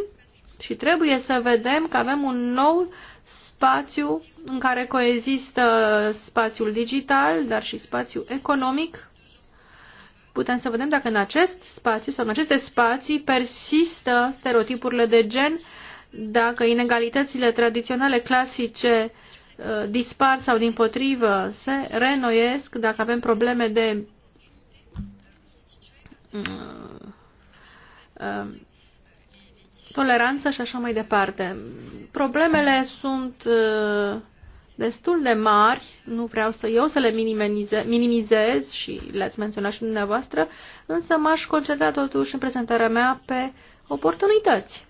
și trebuie să vedem că avem un nou spațiu în care coexistă spațiul digital, dar și spațiul economic. Putem să vedem dacă în acest spațiu sau în aceste spații persistă stereotipurile de gen, dacă inegalitățile tradiționale clasice uh, Uh, dispar sau din se renoiesc, dacă avem probleme de uh, uh, toleranță și așa mai departe. Problemele sunt destul de mari, nu vreau să eu să le minimizez și le-ați menționat și dumneavoastră, însă m-aș concentra totuși în prezentarea mea pe oportunități.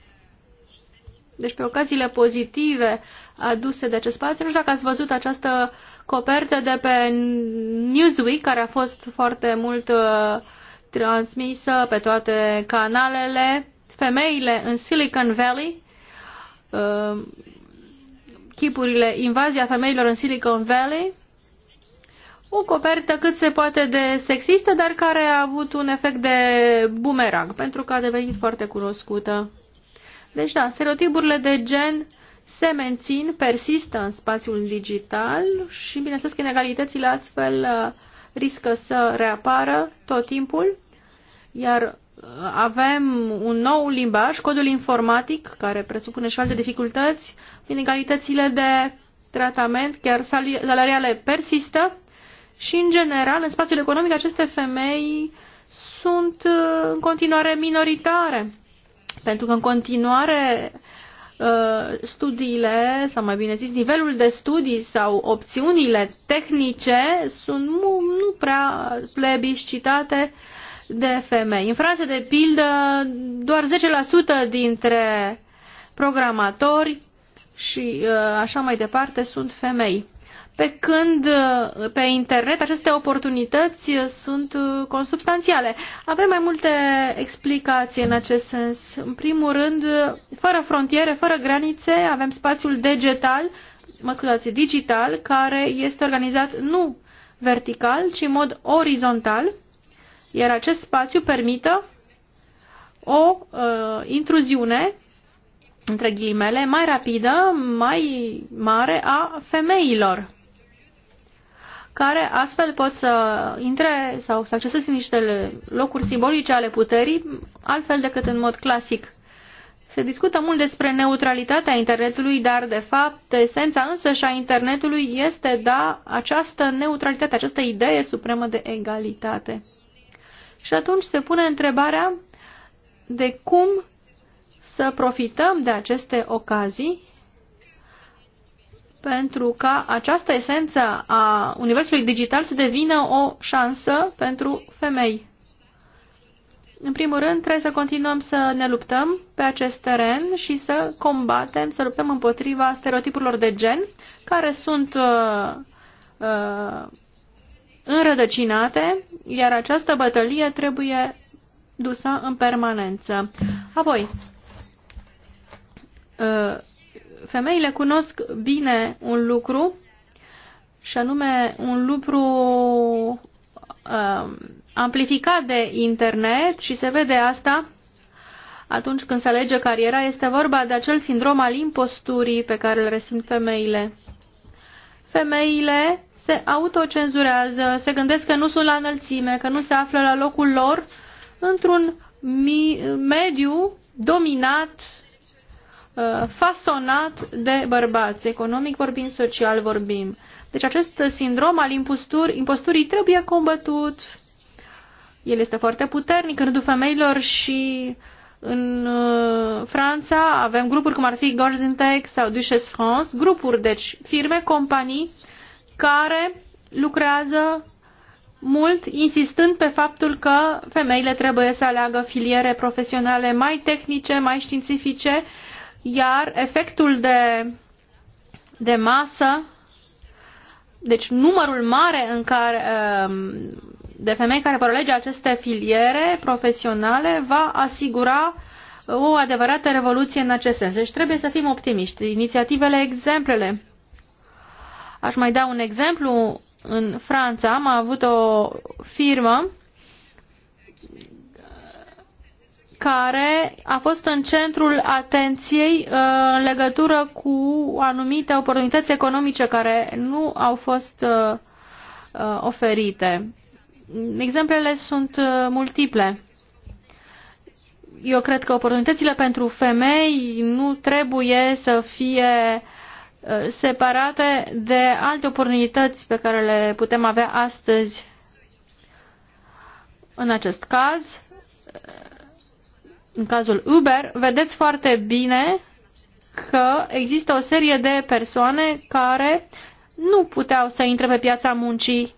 Deci pe ocaziile pozitive aduse de acest spațiu, nu știu dacă ați văzut această copertă de pe Newsweek, care a fost foarte mult uh, transmisă pe toate canalele, femeile în Silicon Valley, uh, chipurile Invazia femeilor în Silicon Valley, o copertă cât se poate de sexistă, dar care a avut un efect de bumerang, pentru că a devenit foarte cunoscută deci, da, stereotipurile de gen se mențin, persistă în spațiul digital și, bineînțeles, că inegalitățile astfel uh, riscă să reapară tot timpul, iar uh, avem un nou limbaj, codul informatic, care presupune și alte dificultăți, inegalitățile de tratament, chiar salariale persistă și, în general, în spațiul economic, aceste femei sunt uh, în continuare minoritare pentru că în continuare uh, studiile, sau mai bine zis, nivelul de studii sau opțiunile tehnice sunt nu, nu prea plebiscitate de femei. În Franța, de pildă, doar 10% dintre programatori și uh, așa mai departe sunt femei pe când uh, pe internet aceste oportunități uh, sunt uh, consubstanțiale. Avem mai multe explicații în acest sens. În primul rând, fără frontiere, fără granițe, avem spațiul digital, mă scuzați, digital, care este organizat nu vertical, ci în mod orizontal, iar acest spațiu permită o uh, intruziune între ghilimele, mai rapidă, mai mare a femeilor care astfel pot să intre sau să acceseze niște locuri simbolice ale puterii, altfel decât în mod clasic. Se discută mult despre neutralitatea internetului, dar de fapt esența și a internetului este, da, această neutralitate, această idee supremă de egalitate. Și atunci se pune întrebarea de cum să profităm de aceste ocazii pentru ca această esență a universului digital să devină o șansă pentru femei. În primul rând, trebuie să continuăm să ne luptăm pe acest teren și să combatem, să luptăm împotriva stereotipurilor de gen care sunt uh, uh, înrădăcinate, iar această bătălie trebuie dusă în permanență. Apoi, uh, femeile cunosc bine un lucru și anume un lucru uh, amplificat de internet și se vede asta atunci când se alege cariera, este vorba de acel sindrom al imposturii pe care îl resimt femeile. Femeile se autocenzurează, se gândesc că nu sunt la înălțime, că nu se află la locul lor într-un mediu dominat Uh, fasonat de bărbați, economic vorbind, social vorbim. Deci acest sindrom al imposturii trebuie combătut. El este foarte puternic în rândul femeilor și în uh, Franța avem grupuri cum ar fi Gorzintex sau Duchesse France, grupuri, deci firme, companii care lucrează mult insistând pe faptul că femeile trebuie să aleagă filiere profesionale mai tehnice, mai științifice, iar efectul de, de masă, deci numărul mare în care, um, de femei care vor alege aceste filiere profesionale va asigura o adevărată revoluție în acest sens. Deci trebuie să fim optimiști. Inițiativele, exemplele. Aș mai da un exemplu. În Franța am avut o firmă care a fost în centrul atenției uh, în legătură cu anumite oportunități economice care nu au fost uh, uh, oferite. Exemplele sunt multiple. Eu cred că oportunitățile pentru femei nu trebuie să fie separate de alte oportunități pe care le putem avea astăzi. În acest caz, în cazul Uber, vedeți foarte bine că există o serie de persoane care nu puteau să intre pe piața muncii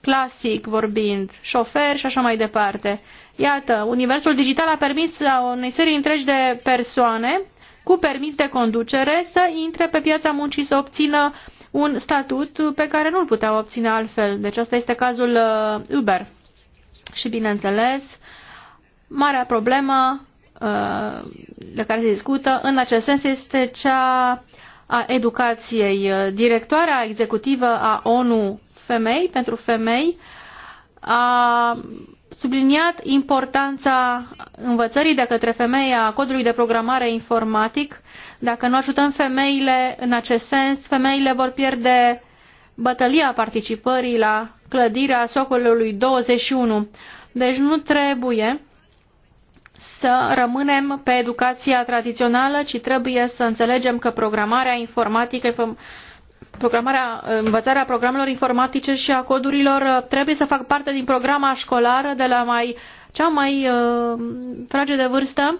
clasic vorbind, șofer și așa mai departe. Iată, universul digital a permis unei serii întregi de persoane cu permis de conducere să intre pe piața muncii să obțină un statut pe care nu-l puteau obține altfel. Deci asta este cazul uh, Uber. Și bineînțeles, uh, Marea problemă uh, de care se discută în acest sens este cea a educației. Directoarea executivă a ONU Femei pentru Femei a subliniat importanța învățării de către femei a codului de programare informatic. Dacă nu ajutăm femeile în acest sens, femeile vor pierde bătălia participării la clădirea socolului 21. Deci nu trebuie să rămânem pe educația tradițională, ci trebuie să înțelegem că programarea informatică, programarea, învățarea programelor informatice și a codurilor uh, trebuie să facă parte din programa școlară de la mai, cea mai uh, de vârstă,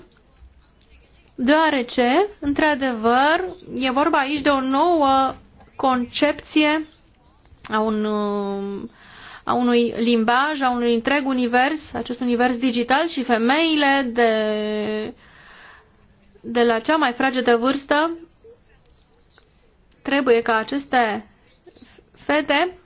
deoarece, într-adevăr, e vorba aici de o nouă concepție a un uh, a unui limbaj, a unui întreg univers, acest univers digital și femeile de, de la cea mai fragedă vârstă trebuie ca aceste fete,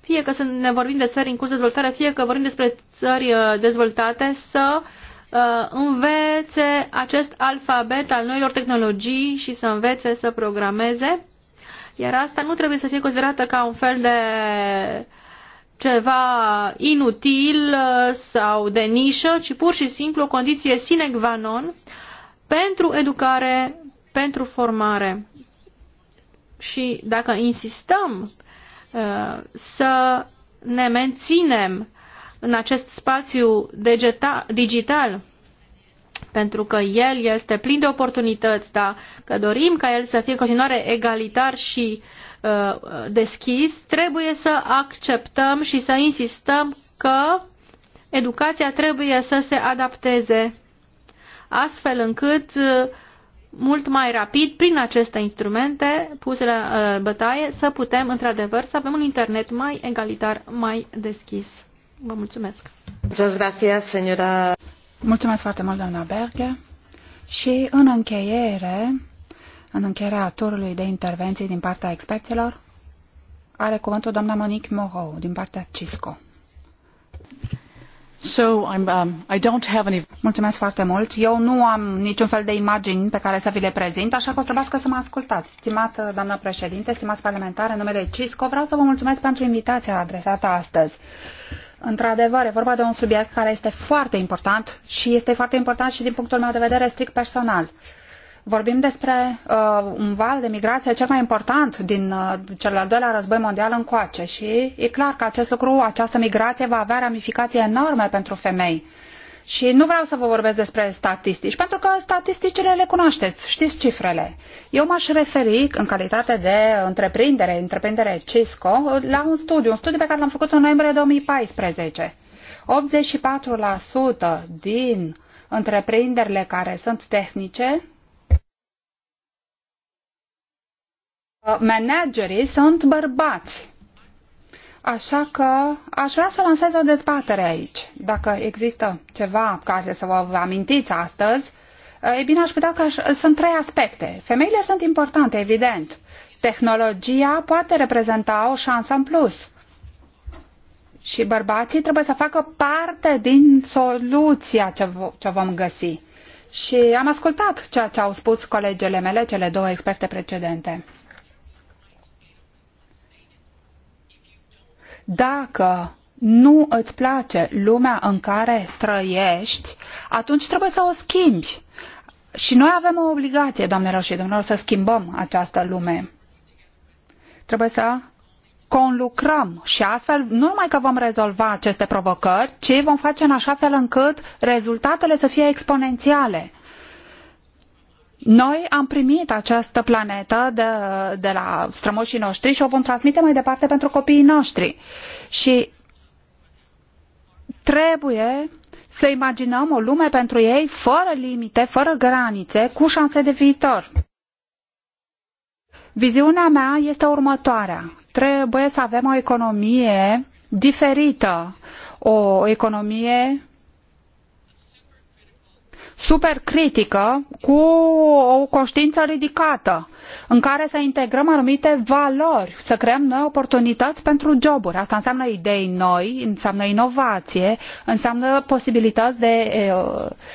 fie că sunt, ne vorbim de țări în curs de dezvoltare, fie că vorbim despre țări uh, dezvoltate, să uh, învețe acest alfabet al noilor tehnologii și să învețe să programeze iar asta nu trebuie să fie considerată ca un fel de ceva inutil uh, sau de nișă, ci pur și simplu o condiție sine qua non pentru educare, pentru formare. Și dacă insistăm uh, să ne menținem în acest spațiu digital pentru că el este plin de oportunități, dar că dorim ca el să fie în continuare egalitar și uh, deschis, trebuie să acceptăm și să insistăm că educația trebuie să se adapteze astfel încât uh, mult mai rapid, prin aceste instrumente puse la uh, bătaie, să putem, într-adevăr, să avem un internet mai egalitar, mai deschis. Vă mulțumesc! Muchas gracias, señora. Mulțumesc foarte mult, doamna Berger. Și în încheiere, în încheierea turului de intervenții din partea experților, are cuvântul doamna Monique Moreau din partea CISCO. So, I'm, um, I don't have any... Mulțumesc foarte mult. Eu nu am niciun fel de imagini pe care să vi le prezint, așa că o să trebuiască să mă ascultați. Stimată doamnă președinte, stimați parlamentare, în numele CISCO, vreau să vă mulțumesc pentru invitația adresată astăzi. Într-adevăr, e vorba de un subiect care este foarte important și este foarte important și din punctul meu de vedere strict personal. Vorbim despre uh, un val de migrație cel mai important din uh, cel al doilea război mondial încoace și e clar că acest lucru, această migrație va avea ramificații enorme pentru femei și nu vreau să vă vorbesc despre statistici, pentru că statisticile le cunoașteți, știți cifrele. Eu m-aș referi, în calitate de întreprindere, întreprindere Cisco, la un studiu, un studiu pe care l-am făcut în noiembrie 2014. 84% din întreprinderile care sunt tehnice, uh, managerii sunt bărbați. Așa că aș vrea să lansez o dezbatere aici. Dacă există ceva care să vă amintiți astăzi, e bine, aș putea că aș... sunt trei aspecte. Femeile sunt importante, evident. Tehnologia poate reprezenta o șansă în plus. Și bărbații trebuie să facă parte din soluția ce, ce vom găsi. Și am ascultat ceea ce au spus colegele mele, cele două experte precedente. Dacă nu îți place lumea în care trăiești, atunci trebuie să o schimbi. Și noi avem o obligație, doamnelor și domnilor, să schimbăm această lume. Trebuie să conlucrăm și astfel nu numai că vom rezolva aceste provocări, ci vom face în așa fel încât rezultatele să fie exponențiale. Noi am primit această planetă de, de la strămoșii noștri și o vom transmite mai departe pentru copiii noștri. Și trebuie să imaginăm o lume pentru ei fără limite, fără granițe, cu șanse de viitor. Viziunea mea este următoarea. Trebuie să avem o economie diferită, o economie supercritică cu o conștiință ridicată în care să integrăm anumite valori, să creăm noi oportunități pentru joburi. Asta înseamnă idei noi, înseamnă inovație, înseamnă posibilități de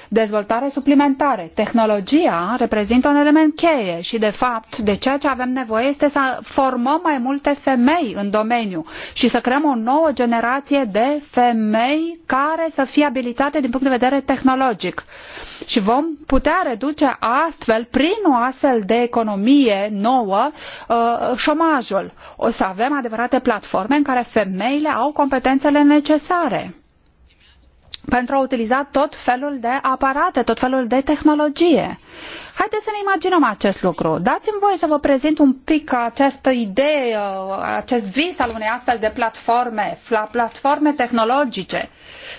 dezvoltare suplimentare. Tehnologia reprezintă un element cheie și, de fapt, de ceea ce avem nevoie este să formăm mai multe femei în domeniu și să creăm o nouă generație de femei care să fie abilitate din punct de vedere tehnologic. Și vom putea reduce astfel, prin o astfel de economie, fie nouă uh, șomajul. O să avem adevărate platforme în care femeile au competențele necesare pentru a utiliza tot felul de aparate, tot felul de tehnologie. Haideți să ne imaginăm acest lucru. Dați-mi voie să vă prezint un pic această idee, uh, acest vis al unei astfel de platforme, platforme tehnologice.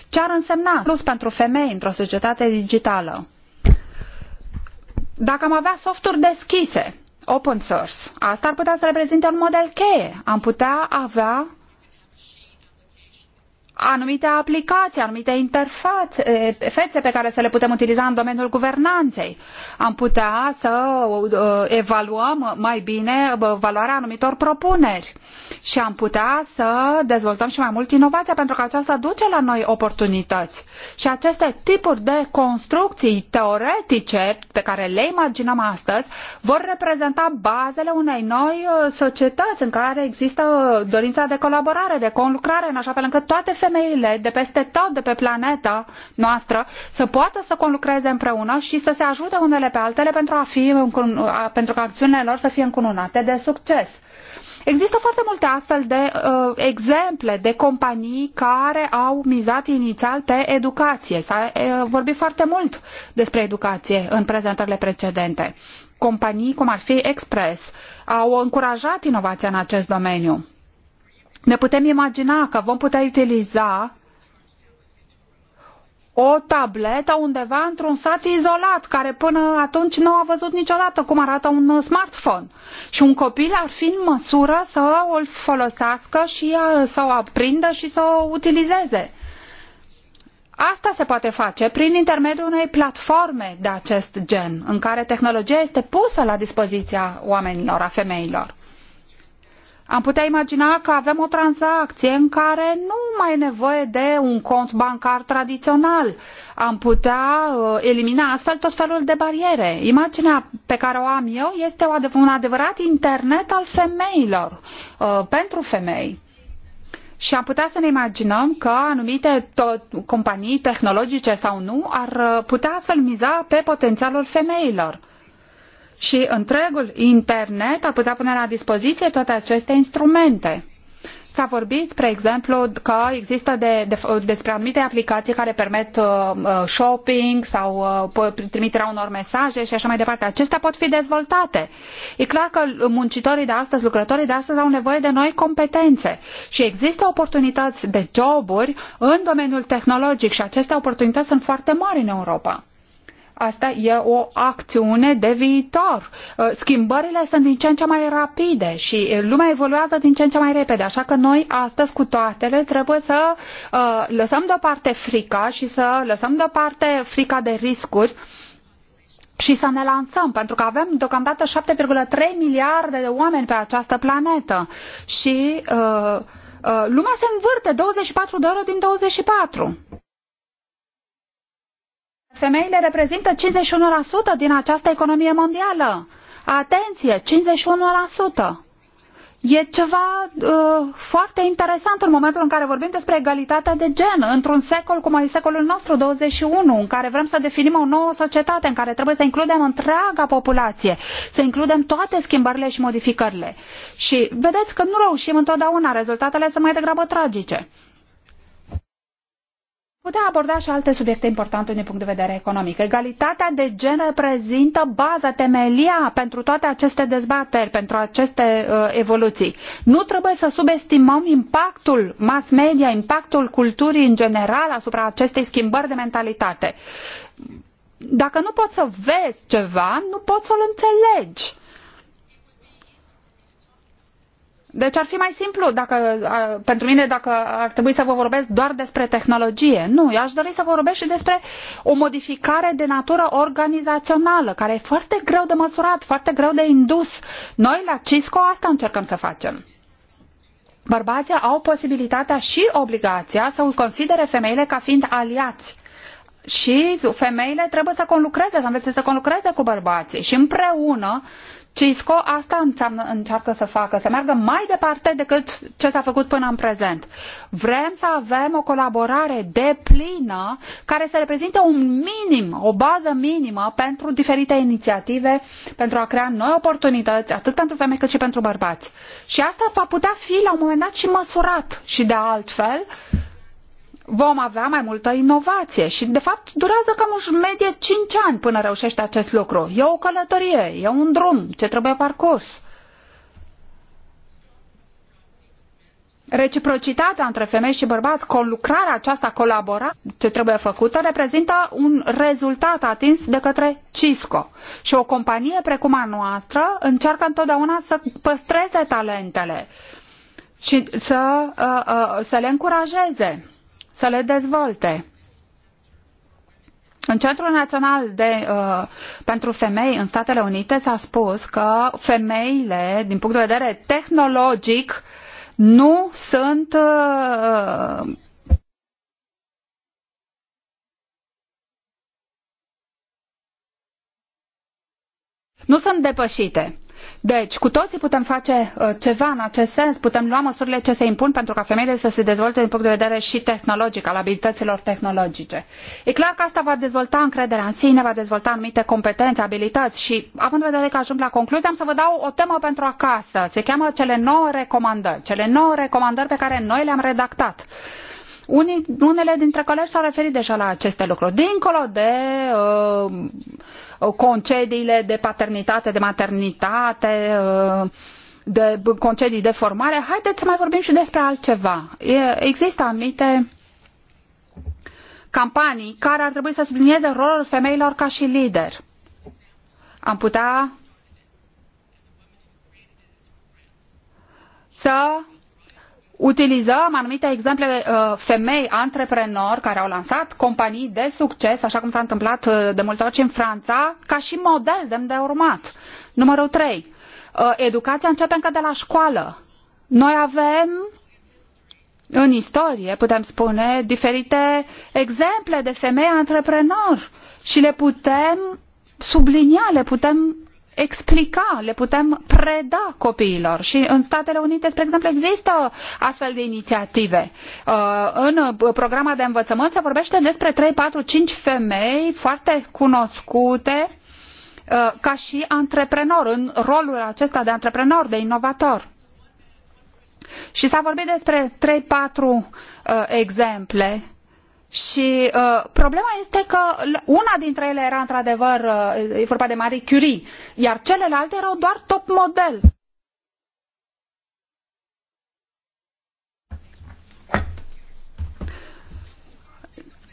Ce ar însemna plus pentru femei într-o societate digitală? Dacă am avea softuri deschise, open source. Asta ar putea să reprezinte un model cheie. Am putea avea anumite aplicații, anumite interfețe pe care să le putem utiliza în domeniul guvernanței. Am putea să evaluăm mai bine valoarea anumitor propuneri și am putea să dezvoltăm și mai mult inovația pentru că aceasta duce la noi oportunități. Și aceste tipuri de construcții teoretice pe care le imaginăm astăzi vor reprezenta bazele unei noi societăți în care există dorința de colaborare, de conlucrare, în așa fel încât toate femeile de peste tot de pe planeta noastră să poată să conlucreze împreună și să se ajute unele pe altele pentru, a fi, pentru ca acțiunile lor să fie încununate de succes. Există foarte multe astfel de uh, exemple de companii care au mizat inițial pe educație. S-a uh, vorbit foarte mult despre educație în prezentările precedente. Companii cum ar fi Express au încurajat inovația în acest domeniu ne putem imagina că vom putea utiliza o tabletă undeva într-un sat izolat, care până atunci nu a văzut niciodată cum arată un smartphone. Și un copil ar fi în măsură să o folosească și să o aprindă și să o utilizeze. Asta se poate face prin intermediul unei platforme de acest gen, în care tehnologia este pusă la dispoziția oamenilor, a femeilor am putea imagina că avem o tranzacție în care nu mai e nevoie de un cont bancar tradițional. Am putea uh, elimina astfel tot felul de bariere. Imaginea pe care o am eu este un adevărat internet al femeilor, uh, pentru femei. Și am putea să ne imaginăm că anumite companii tehnologice sau nu ar uh, putea astfel miza pe potențialul femeilor și întregul internet ar putea pune la dispoziție toate aceste instrumente. S-a vorbit, spre exemplu, că există de, de, despre anumite aplicații care permit uh, uh shopping sau uh, trimiterea unor mesaje și așa mai departe. Acestea pot fi dezvoltate. E clar că muncitorii de astăzi, lucrătorii de astăzi au nevoie de noi competențe și există oportunități de joburi în domeniul tehnologic și aceste oportunități sunt foarte mari în Europa. Asta e o acțiune de viitor. Uh, schimbările sunt din ce în ce mai rapide și uh, lumea evoluează din ce în ce mai repede, așa că noi astăzi cu toatele trebuie să uh, lăsăm deoparte frica și să lăsăm deoparte frica de riscuri și să ne lansăm, pentru că avem deocamdată 7,3 miliarde de oameni pe această planetă și uh, uh, lumea se învârte 24 de ore din 24. Femeile reprezintă 51% din această economie mondială. Atenție, 51%! E ceva uh, foarte interesant în momentul în care vorbim despre egalitatea de gen, într-un secol cum e secolul nostru, 21, în care vrem să definim o nouă societate, în care trebuie să includem întreaga populație, să includem toate schimbările și modificările. Și vedeți că nu reușim întotdeauna, rezultatele sunt mai degrabă tragice. Putem aborda și alte subiecte importante din punct de vedere economic. Egalitatea de gen reprezintă baza, temelia pentru toate aceste dezbateri, pentru aceste uh, evoluții. Nu trebuie să subestimăm impactul mass media, impactul culturii în general asupra acestei schimbări de mentalitate. Dacă nu poți să vezi ceva, nu poți să-l înțelegi. Deci ar fi mai simplu dacă, pentru mine dacă ar trebui să vă vorbesc doar despre tehnologie. Nu, eu aș dori să vă vorbesc și despre o modificare de natură organizațională, care e foarte greu de măsurat, foarte greu de indus. Noi la CISCO asta încercăm să facem. Bărbații au posibilitatea și obligația să considere femeile ca fiind aliați. Și femeile trebuie să conlucreze, să învețe să conlucreze cu bărbații și împreună CISCO asta înseamnă, încearcă să facă, să meargă mai departe decât ce s-a făcut până în prezent. Vrem să avem o colaborare deplină care să reprezinte un minim, o bază minimă pentru diferite inițiative, pentru a crea noi oportunități, atât pentru femei cât și pentru bărbați. Și asta va putea fi la un moment dat și măsurat și de altfel vom avea mai multă inovație și, de fapt, durează cam în medie 5 ani până reușești acest lucru. E o călătorie, e un drum ce trebuie parcurs. Reciprocitatea între femei și bărbați, conlucrarea aceasta, colaborare ce trebuie făcută, reprezintă un rezultat atins de către Cisco. Și o companie precum a noastră încearcă întotdeauna să păstreze talentele și să, uh, uh, să le încurajeze să le dezvolte. În Centrul Național de, uh, pentru Femei în Statele Unite s-a spus că femeile, din punct de vedere tehnologic, nu sunt uh, nu sunt depășite. Deci, cu toții putem face uh, ceva în acest sens, putem lua măsurile ce se impun pentru ca femeile să se dezvolte din punct de vedere și tehnologic, al abilităților tehnologice. E clar că asta va dezvolta încrederea în sine, va dezvolta anumite competențe, abilități și, având în vedere că ajung la concluzie, am să vă dau o temă pentru acasă. Se cheamă cele nouă recomandări, cele nouă recomandări pe care noi le-am redactat. Unii, unele dintre colegi s-au referit deja la aceste lucruri. Dincolo de uh, concediile de paternitate, de maternitate, uh, de concedii de formare, haideți să mai vorbim și despre altceva. Există anumite campanii care ar trebui să sublinieze rolul femeilor ca și lider. Am putea să utilizăm anumite exemple uh, femei antreprenori care au lansat companii de succes, așa cum s-a întâmplat uh, de multe ori și în Franța, ca și model demn de urmat. Numărul 3. Uh, educația începe încă de la școală. Noi avem în istorie, putem spune, diferite exemple de femei antreprenori și le putem sublinia, le putem explica, le putem preda copiilor. Și în Statele Unite, spre exemplu, există astfel de inițiative. Uh, în programa de învățământ se vorbește despre 3, 4, 5 femei foarte cunoscute uh, ca și antreprenor, în rolul acesta de antreprenor, de inovator. Și s-a vorbit despre 3-4 uh, exemple și uh, problema este că una dintre ele era într-adevăr, uh, e vorba de Marie Curie, iar celelalte erau doar top model.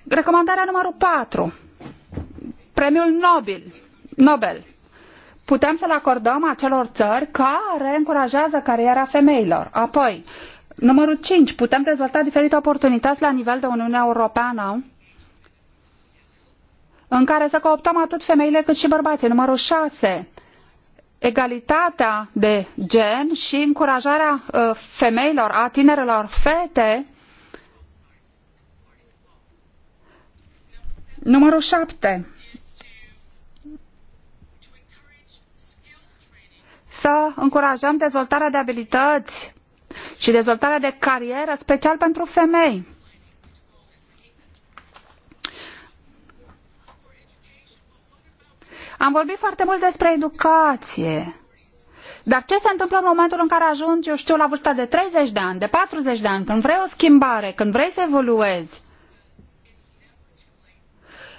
Recomandarea numărul 4. Premiul Nobel. Nobel. Putem să-l acordăm acelor țări care încurajează cariera femeilor. Apoi, uh, Numărul 5. Putem dezvolta diferite oportunități la nivel de Uniunea Europeană în care să cooptăm atât femeile cât și bărbații. Numărul 6 egalitatea de gen și încurajarea uh, femeilor, a tinerelor fete. Numărul 7. Să încurajăm dezvoltarea de abilități și dezvoltarea de carieră, special pentru femei. Am vorbit foarte mult despre educație. Dar ce se întâmplă în momentul în care ajungi, eu știu, la vârsta de 30 de ani, de 40 de ani, când vrei o schimbare, când vrei să evoluezi?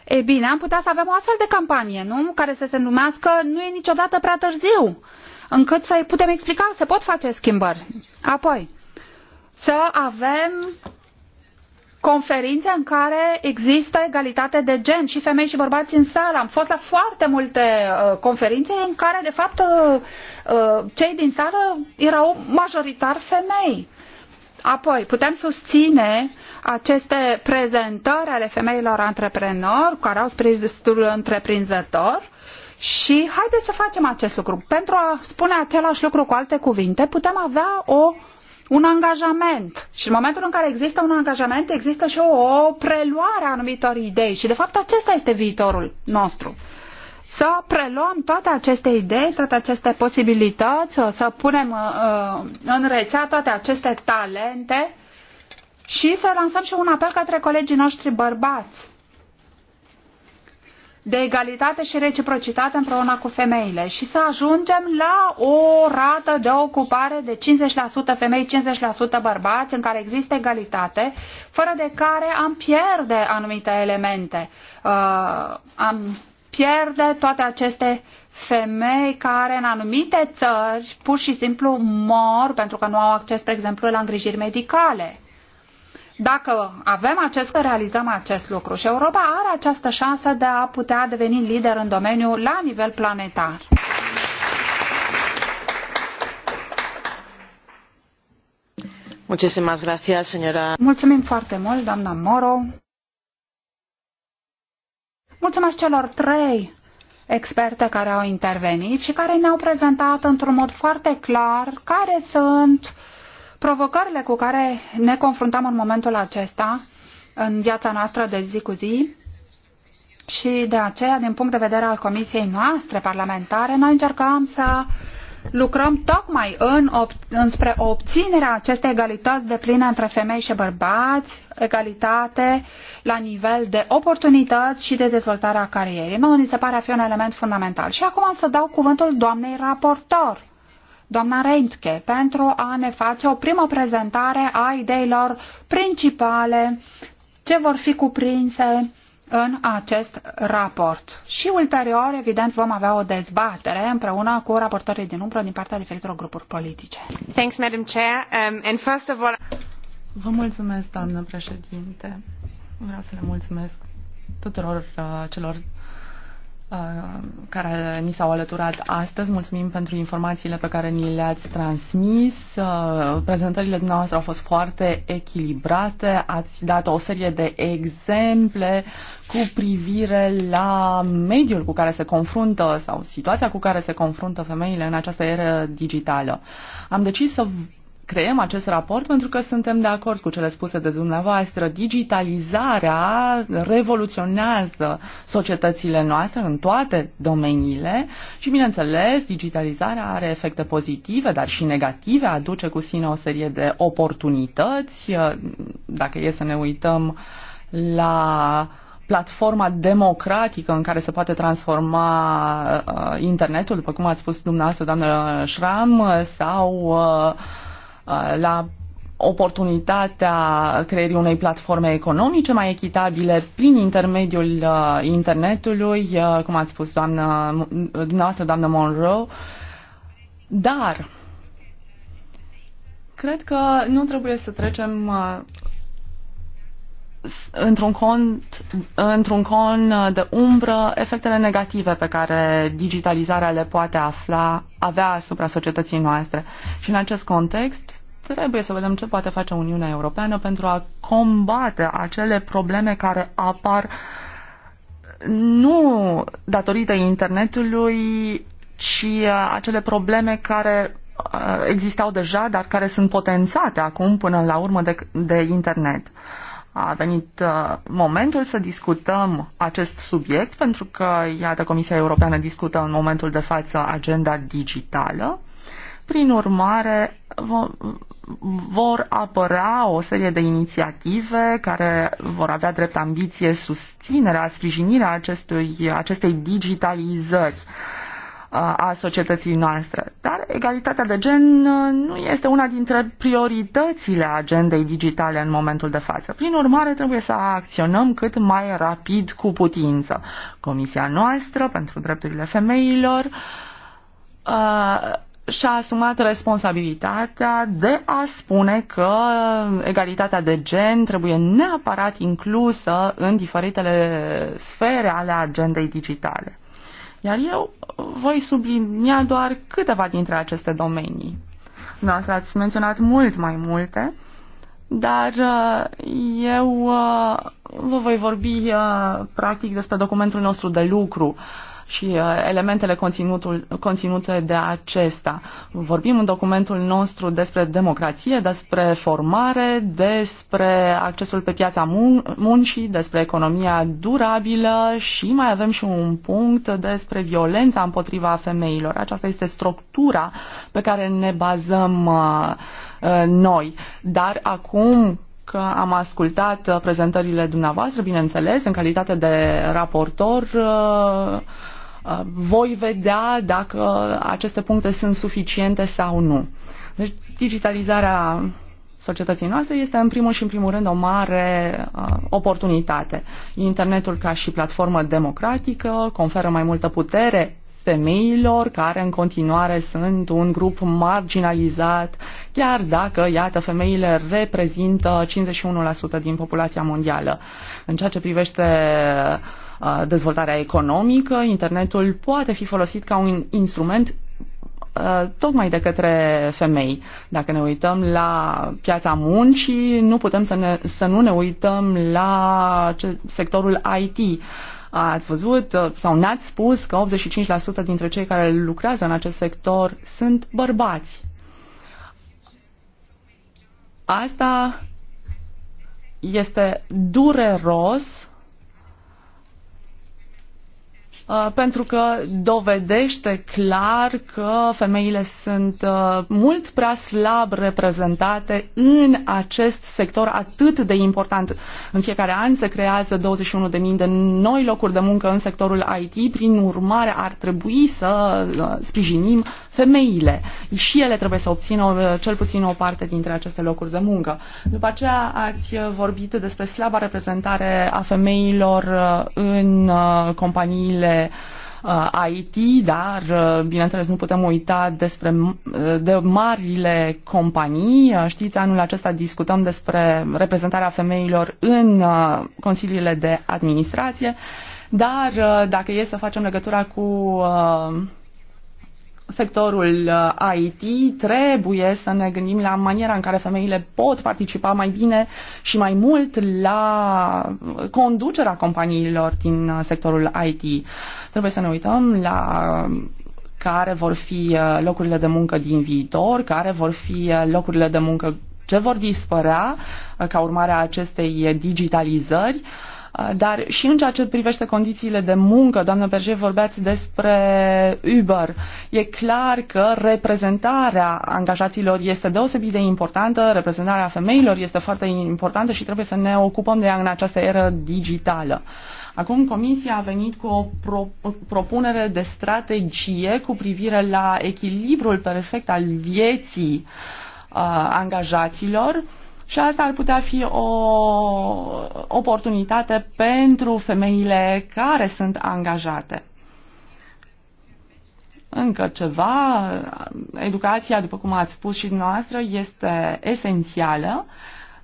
E bine, am putea să avem o astfel de campanie, nu? Care să se numească Nu e niciodată prea târziu încât să putem explica, se pot face schimbări. Apoi, să avem conferințe în care există egalitate de gen și femei și bărbați în sală. Am fost la foarte multe uh, conferințe în care, de fapt, uh, uh cei din sală erau majoritar femei. Apoi, putem susține aceste prezentări ale femeilor antreprenori care au spiritul întreprinzător și haideți să facem acest lucru. Pentru a spune același lucru cu alte cuvinte, putem avea o, un angajament. Și în momentul în care există un angajament, există și o, o preluare a anumitor idei. Și de fapt acesta este viitorul nostru să preluăm toate aceste idei, toate aceste posibilități, să, să punem uh, uh, în rețea toate aceste talente și să lansăm și un apel către colegii noștri bărbați de egalitate și reciprocitate împreună cu femeile și să ajungem la o rată de ocupare de 50% femei, 50% bărbați, în care există egalitate, fără de care am pierde anumite elemente. Uh, am pierde toate aceste femei care în anumite țări pur și simplu mor pentru că nu au acces, spre exemplu, la îngrijiri medicale. Dacă avem acest, realizăm acest lucru și Europa are această șansă de a putea deveni lider în domeniu la nivel planetar. Muchísimas gracias, señora. Mulțumim foarte mult, doamna Moro. Mulțumesc celor trei experte care au intervenit și care ne-au prezentat într-un mod foarte clar care sunt uh, Provocările cu care ne confruntăm în momentul acesta, în viața noastră de zi cu zi, și de aceea, din punct de vedere al Comisiei noastre parlamentare, noi încercăm să lucrăm tocmai în, înspre obținerea acestei egalități de plină între femei și bărbați, egalitate la nivel de oportunități și de dezvoltarea carierei. Noi ni se pare a fi un element fundamental. Și acum am să dau cuvântul doamnei raportor doamna Reintke, pentru a ne face o primă prezentare a ideilor principale ce vor fi cuprinse în acest raport. Și ulterior, evident, vom avea o dezbatere împreună cu raportorii din umbră din partea diferitelor grupuri politice. Thanks, Madam Chair. Um, and first of all... Vă mulțumesc, doamnă președinte. Vreau să le mulțumesc tuturor uh, celor Uh, care ni s-au alăturat astăzi. Mulțumim pentru informațiile pe care ni le-ați transmis. Uh, prezentările dumneavoastră au fost foarte echilibrate. Ați dat o serie de exemple cu privire la mediul cu care se confruntă sau situația cu care se confruntă femeile în această eră digitală. Am decis să creăm acest raport pentru că suntem de acord cu cele spuse de dumneavoastră. Digitalizarea revoluționează societățile noastre în toate domeniile și, bineînțeles, digitalizarea are efecte pozitive, dar și negative, aduce cu sine o serie de oportunități. Dacă e să ne uităm la platforma democratică în care se poate transforma uh, internetul, după cum ați spus dumneavoastră, doamnă Șram, sau uh, Uh, la oportunitatea creierii unei platforme economice mai echitabile prin intermediul uh, internetului, uh, cum ați spus doamnă, dumneavoastră, doamnă Monroe. Dar cred că nu trebuie să trecem uh, într-un cont, într-un cont de umbră efectele negative pe care digitalizarea le poate afla, avea asupra societății noastre. Și în acest context trebuie să vedem ce poate face Uniunea Europeană pentru a combate acele probleme care apar nu datorită internetului, ci uh, acele probleme care uh, existau deja, dar care sunt potențate acum până la urmă de, de internet. Uh, a venit uh, momentul să discutăm acest subiect pentru că, iată, Comisia Europeană discută în momentul de față agenda digitală. Prin urmare, vor apărea o serie de inițiative care vor avea drept ambiție susținerea, sprijinirea acestui, acestei digitalizări. Uh, a societății noastre. Dar egalitatea de gen uh, nu este una dintre prioritățile agendei digitale în momentul de față. Prin urmare, trebuie să acționăm cât mai rapid cu putință. Comisia noastră pentru drepturile femeilor uh, și-a asumat responsabilitatea de a spune că egalitatea de gen trebuie neapărat inclusă în diferitele sfere ale agendei digitale. Iar eu voi sublinia doar câteva dintre aceste domenii. Da, ați menționat mult mai multe, dar uh, eu uh, vă voi vorbi uh, practic despre documentul nostru de lucru și uh, elementele conținutul, conținute de acesta. Vorbim în documentul nostru despre democrație, despre formare, despre accesul pe piața mun- muncii, despre economia durabilă și mai avem și un punct despre violența împotriva femeilor. Aceasta este structura pe care ne bazăm uh, uh, noi. Dar acum că am ascultat prezentările dumneavoastră, bineînțeles, în calitate de raportor, Uh, voi vedea dacă aceste puncte sunt suficiente sau nu. Deci digitalizarea societății noastre este în primul și în primul rând o mare uh, oportunitate. Internetul ca și platformă democratică conferă mai multă putere femeilor care în continuare sunt un grup marginalizat, chiar dacă, iată, femeile reprezintă 51% din populația mondială. În ceea ce privește uh, dezvoltarea economică, internetul poate fi folosit ca un instrument tocmai de către femei. Dacă ne uităm la piața muncii, nu putem să, ne, să nu ne uităm la sectorul IT. Ați văzut sau n-ați spus că 85% dintre cei care lucrează în acest sector sunt bărbați. Asta este dureros Uh, pentru că dovedește clar că femeile sunt uh, mult prea slab reprezentate în acest sector atât de important. În fiecare an se creează 21.000 de noi locuri de muncă în sectorul IT, prin urmare ar trebui să uh, sprijinim femeile. Și ele trebuie să obțină uh, cel puțin o parte dintre aceste locuri de muncă. După aceea ați uh, vorbit despre slaba reprezentare a femeilor uh, în companiile IT, dar bineînțeles nu putem uita despre, de marile companii. Știți, anul acesta discutăm despre reprezentarea femeilor în consiliile de administrație, dar dacă e să facem legătura cu sectorul uh, IT trebuie să ne gândim la maniera în care femeile pot participa mai bine și mai mult la conducerea companiilor din uh, sectorul IT. Trebuie să ne uităm la care vor fi uh, locurile de muncă din viitor, care vor fi locurile de muncă ce vor dispărea ca urmare a acestei digitalizări. Uh, Uh, dar și în ceea ce privește condițiile de muncă, doamnă Berger, vorbeați despre Uber. E clar că reprezentarea angajaților este deosebit de importantă, reprezentarea femeilor este foarte importantă și trebuie să ne ocupăm de ea în această eră digitală. Acum Comisia a venit cu o pro, propunere de strategie cu privire la echilibrul perfect al vieții uh, angajaților și asta ar putea fi o oportunitate pentru femeile care sunt angajate. Încă ceva, educația, după cum ați spus și noastră, este esențială,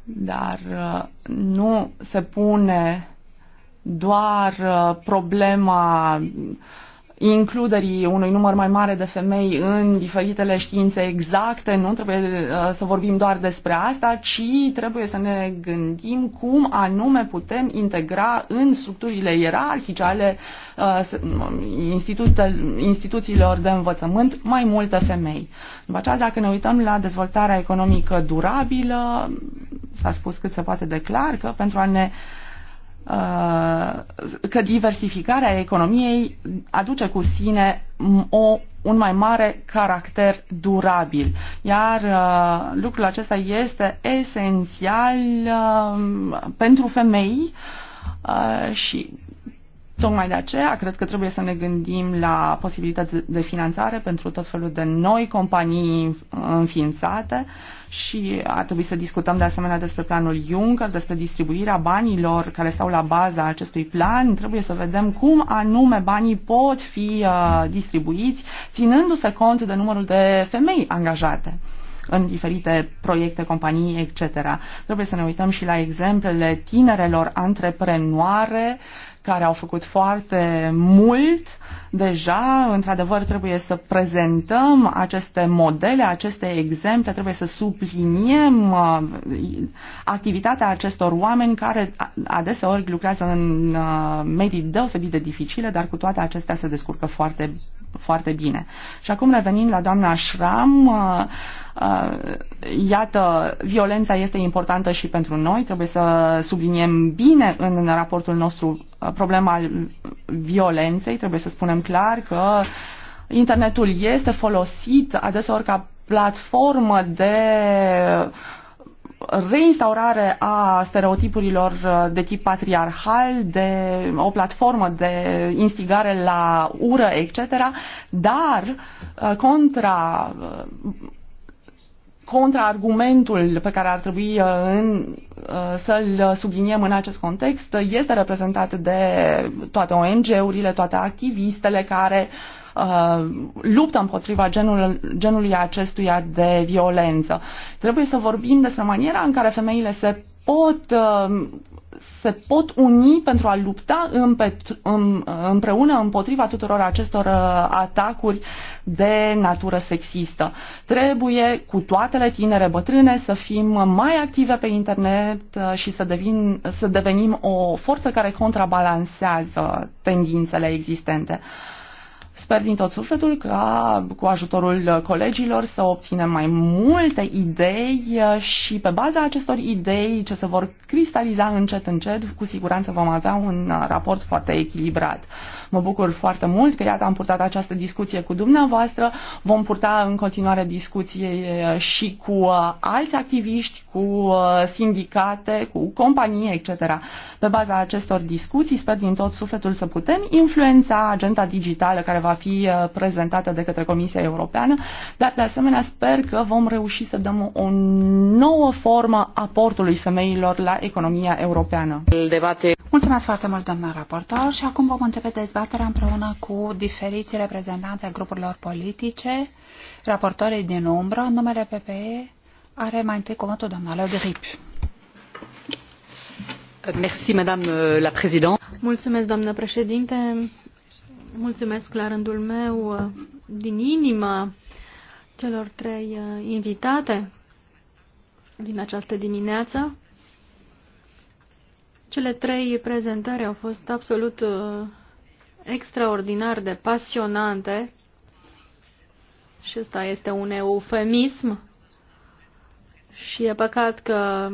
dar uh, nu se pune doar uh, problema uh, includerii unui număr mai mare de femei în diferitele științe exacte, nu trebuie uh, să vorbim doar despre asta, ci trebuie să ne gândim cum anume putem integra în structurile ierarhice ale uh, instituțiilor de învățământ mai multe femei. După aceea, dacă ne uităm la dezvoltarea economică durabilă, s-a spus cât se poate de clar că pentru a ne uh, Uh, că diversificarea economiei aduce cu sine o, un mai mare caracter durabil. Iar uh, lucrul acesta este esențial uh, pentru femei uh, și tocmai de aceea cred că trebuie să ne gândim la posibilități de finanțare pentru tot felul de noi companii înființate uh, și ar trebui să discutăm de asemenea despre planul Juncker, despre distribuirea banilor care stau la baza acestui plan. Trebuie să vedem cum anume banii pot fi uh, distribuiți, ținându-se cont de numărul de femei angajate în diferite proiecte, companii, etc. Trebuie să ne uităm și la exemplele tinerelor antreprenoare care au făcut foarte mult deja. Într-adevăr, trebuie să prezentăm aceste modele, aceste exemple, trebuie să subliniem uh, activitatea acestor oameni care adeseori lucrează în uh, medii deosebit de dificile, dar cu toate acestea se descurcă foarte, foarte bine. Și acum revenind la doamna Schramm, uh, Uh, iată, violența este importantă și pentru noi, trebuie să subliniem bine în raportul nostru uh, problema violenței, trebuie să spunem clar că internetul este folosit adeseori ca platformă de reinstaurare a stereotipurilor uh, de tip patriarhal, de o platformă de instigare la ură, etc., dar contra contraargumentul pe care ar trebui uh, în, uh, să-l subliniem în acest context este reprezentat de toate ONG-urile, toate activistele care uh, luptă împotriva genul, genului acestuia de violență. Trebuie să vorbim despre maniera în care femeile se pot uh, se pot uni pentru a lupta împreună împotriva tuturor acestor uh, atacuri de natură sexistă. Trebuie cu toatele tinere bătrâne să fim mai active pe internet uh, și să, devin, să devenim o forță care contrabalansează tendințele existente. Sper din tot sufletul ca cu ajutorul colegilor să obținem mai multe idei uh, și pe baza acestor idei ce se vor cristaliza încet încet, cu siguranță vom avea un uh, raport foarte echilibrat. Mă bucur foarte mult că iată am purtat această discuție cu dumneavoastră, vom purta în continuare discuție uh, și cu alți activiști, cu sindicate, cu companii, etc. Pe baza acestor discuții sper din tot sufletul să putem influența agenda digitală care va va fi uh, prezentată de către Comisia Europeană, dar de asemenea sper că vom reuși să dăm o nouă formă aportului femeilor la economia europeană. Debate. Mulțumesc foarte mult, doamna raportor, și acum vom începe dezbaterea împreună cu diferiți reprezentanți ai grupurilor politice, raportorii din umbră, numele PPE, are mai întâi cuvântul doamna Le Grip. Merci, Madame la Présidente. Mulțumesc, doamnă președinte mulțumesc la rândul meu din inimă celor trei uh, invitate din această dimineață. Cele trei prezentări au fost absolut uh, extraordinar de pasionante și ăsta este un eufemism și e păcat că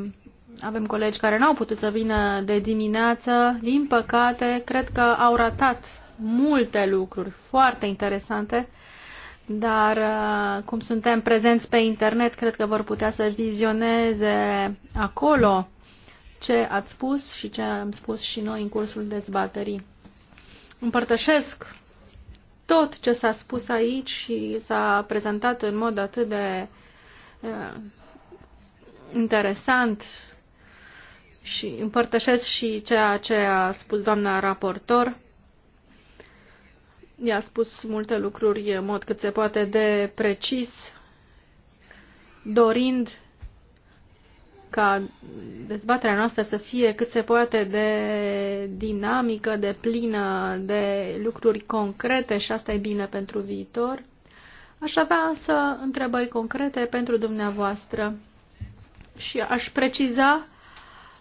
avem colegi care n-au putut să vină de dimineață, din păcate, cred că au ratat multe lucruri foarte interesante, dar uh, cum suntem prezenți pe internet, cred că vor putea să vizioneze acolo ce ați spus și ce am spus și noi în cursul dezbaterii. Împărtășesc tot ce s-a spus aici și s-a prezentat în mod atât de uh, interesant și împărtășesc și ceea ce a spus doamna raportor i-a spus multe lucruri în mod cât se poate de precis, dorind ca dezbaterea noastră să fie cât se poate de dinamică, de plină, de lucruri concrete și asta e bine pentru viitor. Aș avea însă întrebări concrete pentru dumneavoastră și aș preciza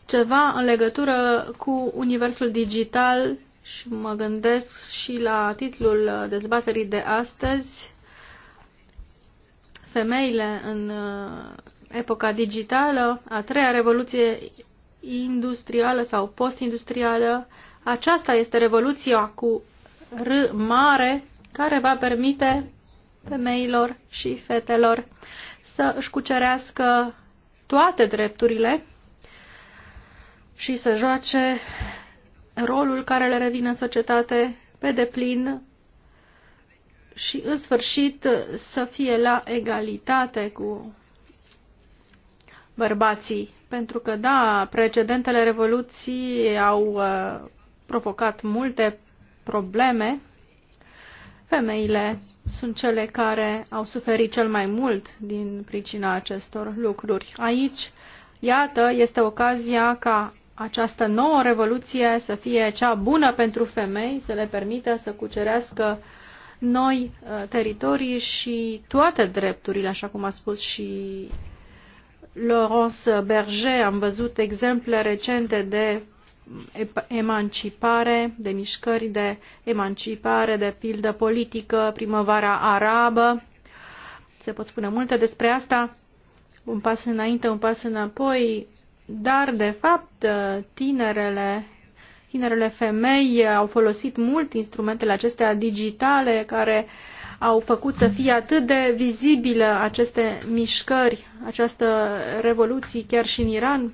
ceva în legătură cu universul digital și mă gândesc și la titlul dezbaterii de astăzi, Femeile în uh, epoca digitală, a treia revoluție industrială sau postindustrială. Aceasta este revoluția cu R mare care va permite femeilor și fetelor să își cucerească toate drepturile și să joace rolul care le revine în societate pe deplin și, în sfârșit, să fie la egalitate cu bărbații. Pentru că, da, precedentele revoluții au uh, provocat multe probleme. Femeile sunt cele care au suferit cel mai mult din pricina acestor lucruri. Aici, iată, este ocazia ca această nouă revoluție să fie cea bună pentru femei, să le permită să cucerească noi uh, teritorii și toate drepturile, așa cum a spus și Laurence Berger. Am văzut exemple recente de emancipare, de mișcări de emancipare, de pildă politică, primăvara arabă. Se pot spune multe despre asta. Un pas înainte, un pas înapoi, dar de fapt tinerele tinerele femei au folosit mult instrumentele acestea digitale care au făcut să fie atât de vizibile aceste mișcări, această revoluție chiar și în Iran.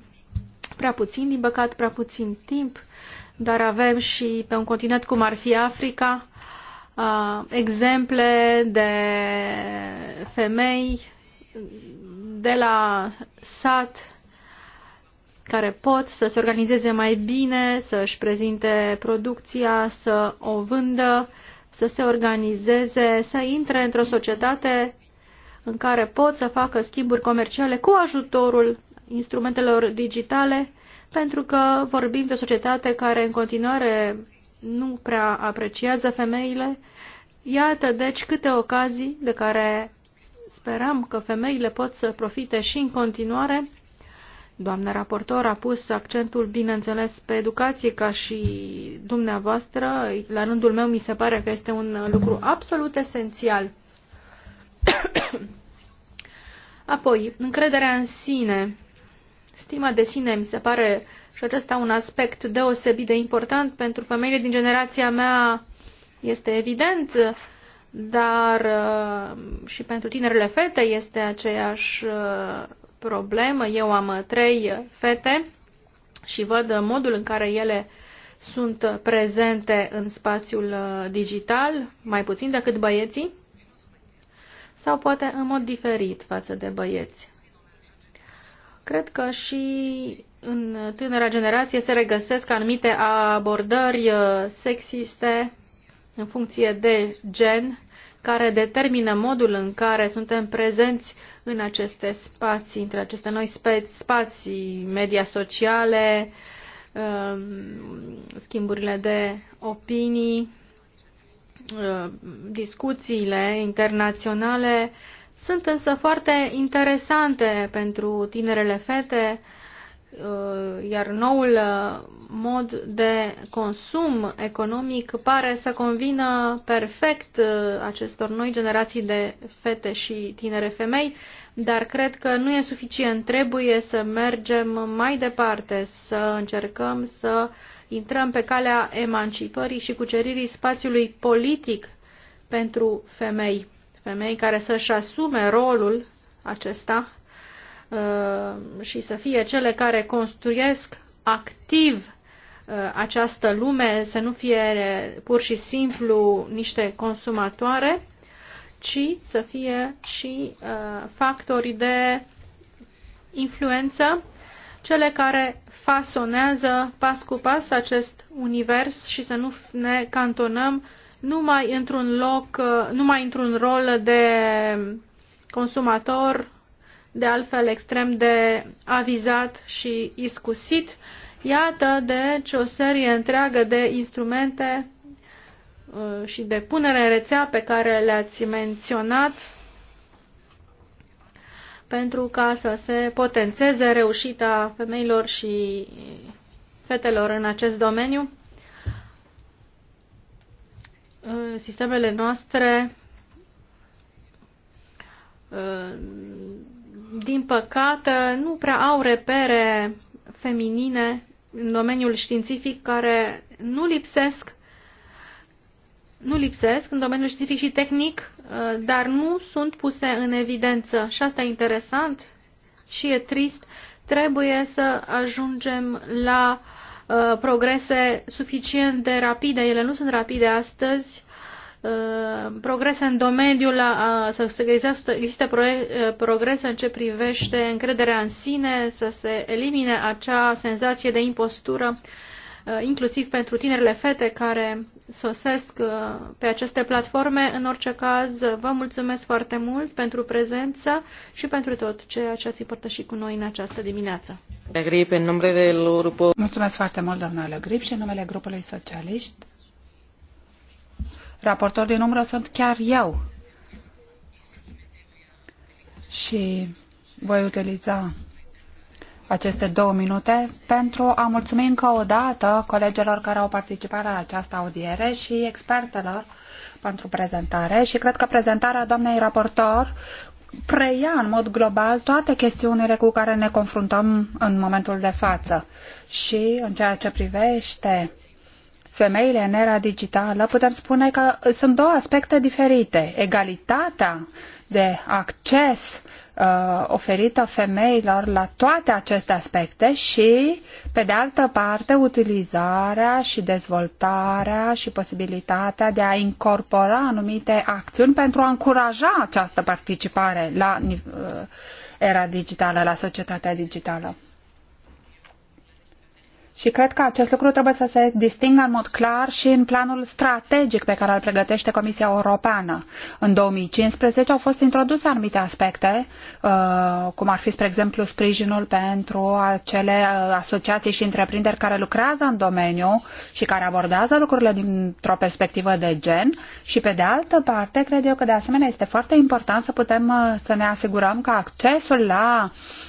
Prea puțin, din păcat, prea puțin timp, dar avem și pe un continent cum ar fi Africa exemple de femei de la sat care pot să se organizeze mai bine, să își prezinte producția, să o vândă, să se organizeze, să intre într-o societate în care pot să facă schimburi comerciale cu ajutorul instrumentelor digitale, pentru că vorbim de o societate care în continuare nu prea apreciază femeile. Iată, deci, câte ocazii de care sperăm că femeile pot să profite și în continuare Doamna raportor a pus accentul, bineînțeles, pe educație ca și dumneavoastră. La rândul meu mi se pare că este un lucru absolut esențial. Apoi, încrederea în sine. Stima de sine mi se pare și acesta un aspect deosebit de important pentru femeile din generația mea, este evident, dar uh, și pentru tinerele fete este aceeași uh, problemă. Eu am trei fete și văd modul în care ele sunt prezente în spațiul uh, digital, mai puțin decât băieții, sau poate în mod diferit față de băieți. Cred că și în tânăra generație se regăsesc anumite abordări uh, sexiste în funcție de gen care determină modul în care suntem prezenți în aceste spații, între aceste noi spații, media sociale, um, schimburile de opinii, uh, discuțiile internaționale, sunt însă foarte interesante pentru tinerele fete, Uh, iar noul uh, mod de consum economic pare să convină perfect uh, acestor noi generații de fete și tinere femei, dar cred că nu e suficient. Trebuie să mergem mai departe, să încercăm să intrăm pe calea emancipării și cuceririi spațiului politic pentru femei. Femei care să-și asume rolul acesta Uh, și să fie cele care construiesc activ uh, această lume, să nu fie pur și simplu niște consumatoare, ci să fie și uh, factorii de influență, cele care fasonează pas cu pas acest univers și să nu ne cantonăm numai într-un loc, numai într-un rol de consumator de altfel extrem de avizat și iscusit. Iată, deci, o serie întreagă de instrumente uh, și de punere în rețea pe care le-ați menționat pentru ca să se potențeze reușita femeilor și fetelor în acest domeniu. Uh, sistemele noastre uh, din păcate, nu prea au repere feminine în domeniul științific care nu lipsesc nu lipsesc în domeniul științific și tehnic, uh, dar nu sunt puse în evidență. Și asta e interesant și e trist. Trebuie să ajungem la uh, progrese suficient de rapide. Ele nu sunt rapide astăzi Uh, progrese în domeniul, să, să există, există uh, progrese în ce privește încrederea în sine, să se elimine acea senzație de impostură, uh, inclusiv pentru tinerile fete care sosesc pe aceste platforme. În orice caz, vă mulțumesc foarte mult pentru prezență și pentru tot ceea ce ați împărtășit cu noi în această dimineață. Mulțumesc foarte mult, doamna Grip, și în numele grupului socialiști. Raportor din umbră sunt chiar eu. Și voi utiliza aceste două minute pentru a mulțumi încă o dată colegilor care au participat la această audiere și expertelor pentru prezentare și cred că prezentarea doamnei raportor preia în mod global toate chestiunile cu care ne confruntăm în momentul de față și în ceea ce privește femeile în era digitală, putem spune că sunt două aspecte diferite. Egalitatea de acces uh, oferită femeilor la toate aceste aspecte și, pe de altă parte, utilizarea și dezvoltarea și posibilitatea de a incorpora anumite acțiuni pentru a încuraja această participare la uh, era digitală, la societatea digitală. Și cred că acest lucru trebuie să se distingă în mod clar și în planul strategic pe care îl pregătește Comisia Europeană. În 2015 au fost introduse anumite aspecte, uh, cum ar fi, spre exemplu, sprijinul pentru acele uh, asociații și întreprinderi care lucrează în domeniu și care abordează lucrurile dintr-o perspectivă de gen. Și, pe de altă parte, cred eu că, de asemenea, este foarte important să putem uh, să ne asigurăm că accesul la uh,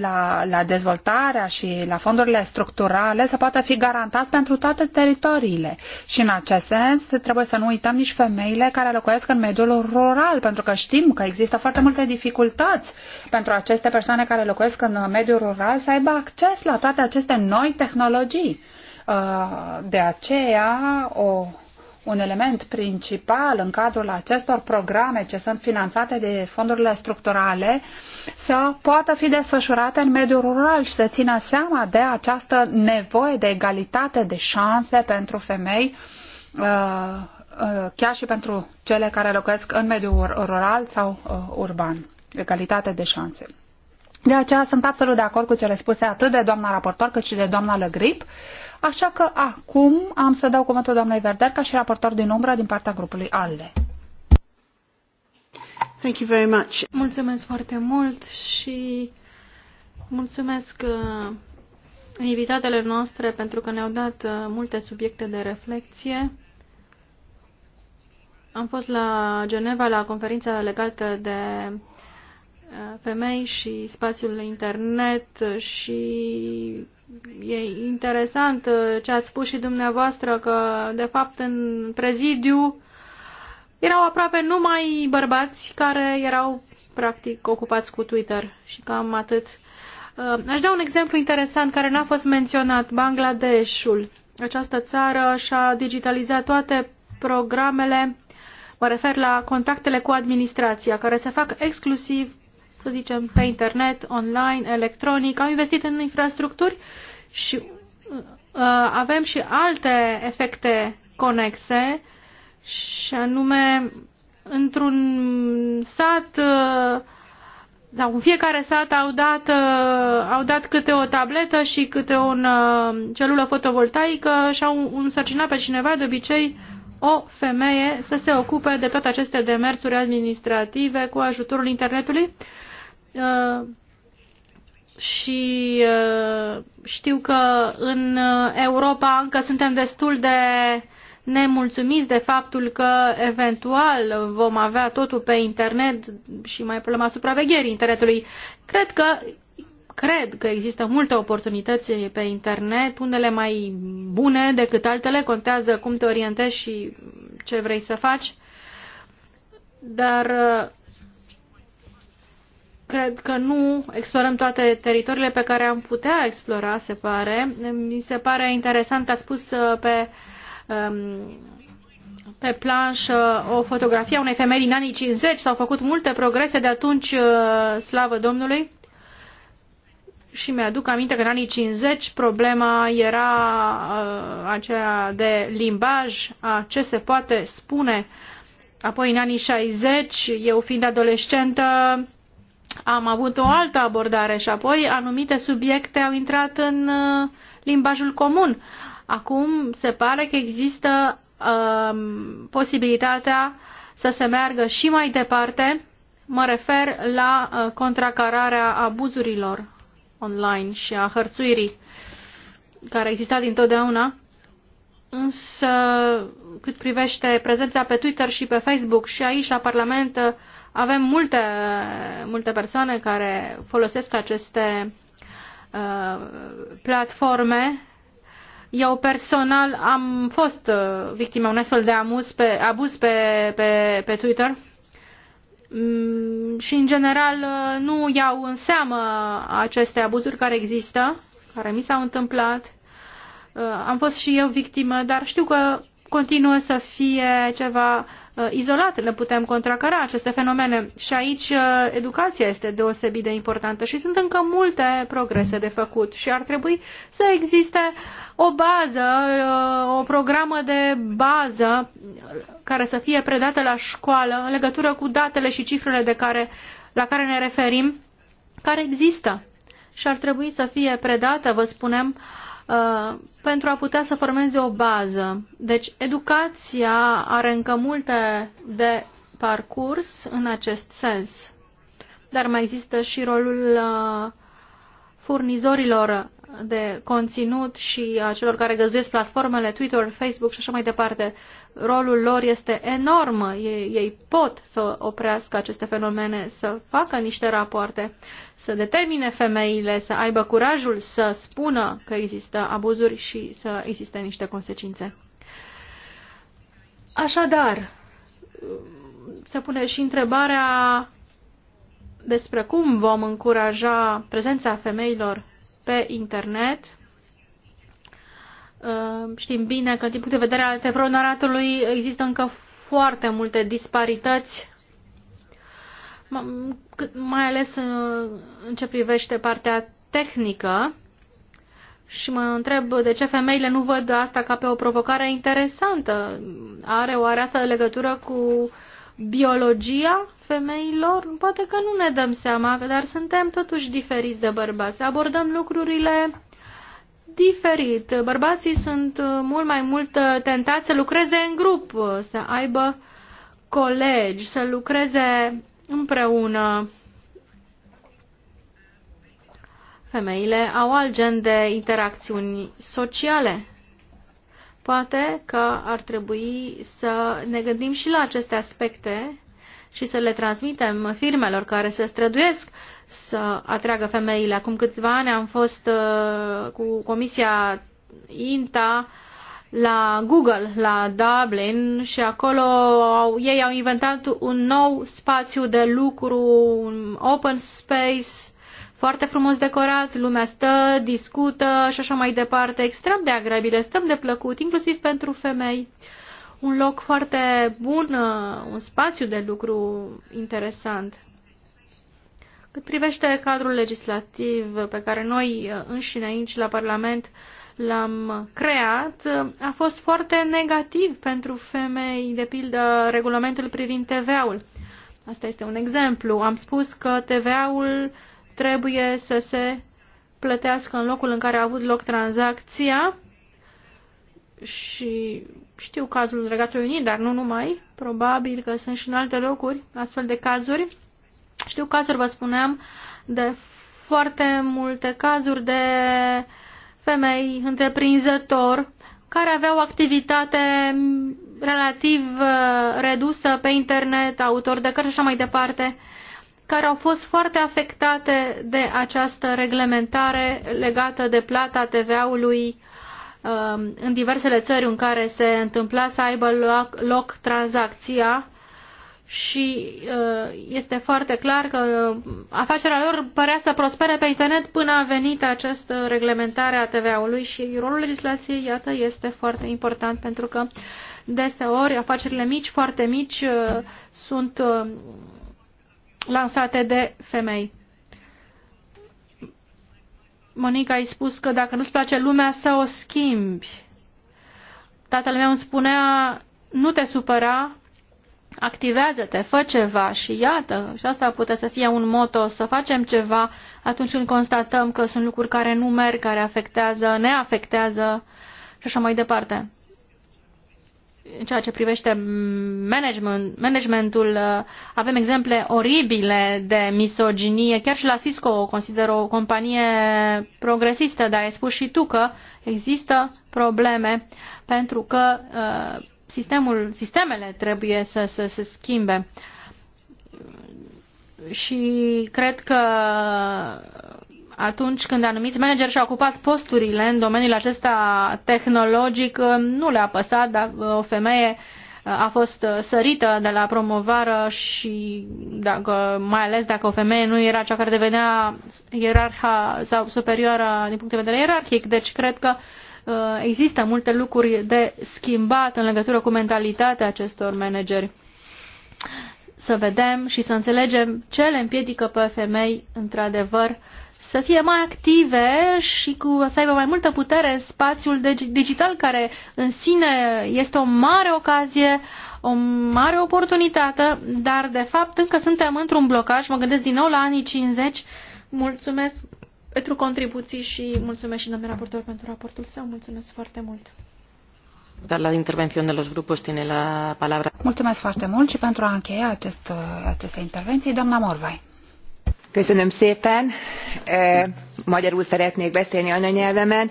la, la dezvoltarea și la fondurile structurale să poată fi garantat pentru toate teritoriile. Și în acest sens trebuie să nu uităm nici femeile care locuiesc în mediul rural, pentru că știm că există foarte multe dificultăți pentru aceste persoane care locuiesc în mediul rural să aibă acces la toate aceste noi tehnologii. Uh, de aceea, o un element principal în cadrul acestor programe ce sunt finanțate de fondurile structurale să poată fi desfășurate în mediul rural și să țină seama de această nevoie de egalitate de șanse pentru femei uh, uh, chiar și pentru cele care locuiesc în mediul rural sau uh, urban. Egalitate de șanse. De aceea sunt absolut de acord cu cele spuse atât de doamna raportor cât și de doamna Legrip. Uh, Așa că acum am să dau cuvântul doamnei Verder ca și raportor din umbra din partea grupului ALDE. Thank you very much. Mulțumesc foarte mult și mulțumesc uh, invitatele noastre pentru că ne-au dat uh, multe subiecte de reflexie. Am fost la Geneva la conferința legată de uh, femei și spațiul internet și e interesant uh, ce ați spus și dumneavoastră că, de fapt, în prezidiu erau aproape numai bărbați care erau, practic, ocupați cu Twitter și cam atât. Uh, aș da un exemplu interesant care n-a fost menționat, Bangladeshul. Această țară și-a digitalizat toate programele, mă refer la contactele cu administrația, care se fac exclusiv să zicem, pe internet, online, electronic, au investit în infrastructuri și uh, avem și alte efecte conexe și anume într-un sat uh, sau da, în fiecare sat au dat, uh, au dat câte o tabletă și câte o uh, celulă fotovoltaică și au însărcinat pe cineva, de obicei o femeie, să se ocupe de toate aceste demersuri administrative cu ajutorul internetului. Uh, Uh, și uh, știu că în uh, Europa încă suntem destul de nemulțumiți de faptul că eventual vom avea totul pe internet și mai problema supravegherii internetului. Cred că cred că există multe oportunități pe internet, unele mai bune decât altele, contează cum te orientezi și ce vrei să faci. Dar cred că nu explorăm toate teritoriile pe care am putea explora, se pare. Mi se pare interesant că ați spus uh, pe, um, pe planșă o fotografie a unei femei din anii 50. S-au făcut multe progrese de atunci, uh, slavă Domnului. Și mi-aduc aminte că în anii 50 problema era uh, aceea de limbaj, a ce se poate spune. Apoi, în anii 60, eu fiind adolescentă, am avut o altă abordare și apoi anumite subiecte au intrat în uh, limbajul comun. Acum se pare că există uh, posibilitatea să se meargă și mai departe. Mă refer la uh, contracararea abuzurilor online și a hărțuirii care exista dintotdeauna. Însă, cât privește prezența pe Twitter și pe Facebook și aici la Parlament uh, avem multe, multe persoane care folosesc aceste uh, platforme. Eu personal am fost uh, victima unui astfel de amuz pe, abuz pe, pe, pe Twitter mm, și în general uh, nu iau în seamă aceste abuzuri care există, care mi s-au întâmplat. Uh, am fost și eu victimă, dar știu că continuă să fie ceva Uh, izolat le putem contracara aceste fenomene. Și aici uh, educația este deosebit de importantă și sunt încă multe progrese de făcut și ar trebui să existe o bază, uh, o programă de bază care să fie predată la școală în legătură cu datele și cifrele de care, la care ne referim, care există și ar trebui să fie predată, vă spunem, uh, Uh, pentru a putea să formeze o bază. Deci educația are încă multe de parcurs în acest sens. Dar mai există și rolul uh, furnizorilor de conținut și a celor care găzduiesc platformele Twitter, Facebook și așa mai departe rolul lor este enorm. Ei, ei pot să oprească aceste fenomene, să facă niște rapoarte, să determine femeile, să aibă curajul să spună că există abuzuri și să existe niște consecințe. Așadar, se pune și întrebarea despre cum vom încuraja prezența femeilor pe internet Ehm, știm bine că din punct de vedere al tevronaratului există încă foarte multe disparități, mai ales în ce privește partea tehnică. Și mă întreb de ce femeile nu văd asta ca pe o provocare interesantă. Are oare asta legătură cu biologia femeilor? Poate că nu ne dăm seama, dar suntem totuși diferiți de bărbați. Abordăm lucrurile diferit. Bărbații sunt uh, mult mai mult uh, tentați să lucreze în grup, uh, să aibă colegi, să lucreze împreună. Femeile au alt gen de interacțiuni sociale. Poate că ar trebui să ne gândim și la aceste aspecte și să le transmitem firmelor care se străduiesc să atragă femeile. Acum câțiva ani am fost uh, cu comisia INTA la Google, la Dublin și acolo au, ei au inventat un nou spațiu de lucru, un open space foarte frumos decorat, lumea stă, discută și așa mai departe, extrem de agreabil, extrem de plăcut, inclusiv pentru femei. Un loc foarte bun, uh, un spațiu de lucru interesant. Cât privește cadrul legislativ pe care noi uh, înșine aici la Parlament l-am creat, uh, a fost foarte negativ pentru femei, de pildă regulamentul privind TVA-ul. Asta este un exemplu. Am spus că TVA-ul trebuie să se plătească în locul în care a avut loc tranzacția și știu cazul în regatul Unit, dar nu numai, probabil că sunt și în alte locuri astfel de cazuri știu cazuri, vă spuneam, de foarte multe cazuri de femei întreprinzător care aveau activitate relativ uh, redusă pe internet, autor de cărți și așa mai departe, care au fost foarte afectate de această reglementare legată de plata TVA-ului um, în diversele țări în care se întâmpla să aibă loc, loc tranzacția și uh, este foarte clar că uh, afacerea lor părea să prospere pe internet până a venit această reglementare a TVA-ului și rolul legislației, iată, este foarte important pentru că deseori afacerile mici, foarte mici, uh, sunt lansate de femei. Monica ai spus că dacă nu-ți place lumea, să o schimbi. Tatăl meu îmi spunea, nu te supăra, activează-te, fă ceva și iată, și asta putea să fie un moto, să facem ceva atunci când constatăm că sunt lucruri care nu merg, care afectează, ne afectează și așa mai departe. În ceea ce privește management, managementul, avem exemple oribile de misoginie. Chiar și la Cisco o consider o companie progresistă, dar ai spus și tu că există probleme pentru că uh, Sistemul, sistemele trebuie să, să se schimbe. Și cred că atunci când anumiți manageri și-au ocupat posturile în domeniul acesta tehnologic, nu le-a păsat dacă uh, o femeie uh, a fost uh, sărită de la promovară și dacă, mai ales dacă o femeie nu era cea care devenea ierarha sau superioară din punct de vedere ierarhic. Deci cred că uh, Uh, există multe lucruri de schimbat în legătură cu mentalitatea acestor manageri. Să vedem și să înțelegem ce le împiedică pe femei, într-adevăr, să fie mai active și cu, să aibă mai multă putere în spațiul digital, care în sine este o mare ocazie, o mare oportunitate, dar de fapt încă suntem într-un blocaj, mă gândesc din nou la anii 50, mulțumesc pentru contribuții și mulțumesc și domnului raportor pentru raportul său. Mulțumesc foarte mult. Dar la intervenție de los grupos tine la palabra. Mulțumesc foarte mult și pentru a încheia acest, aceste intervenții, doamna Morvai. Köszönöm szépen. Magyarul szeretnék beszélni anyanyelvemen.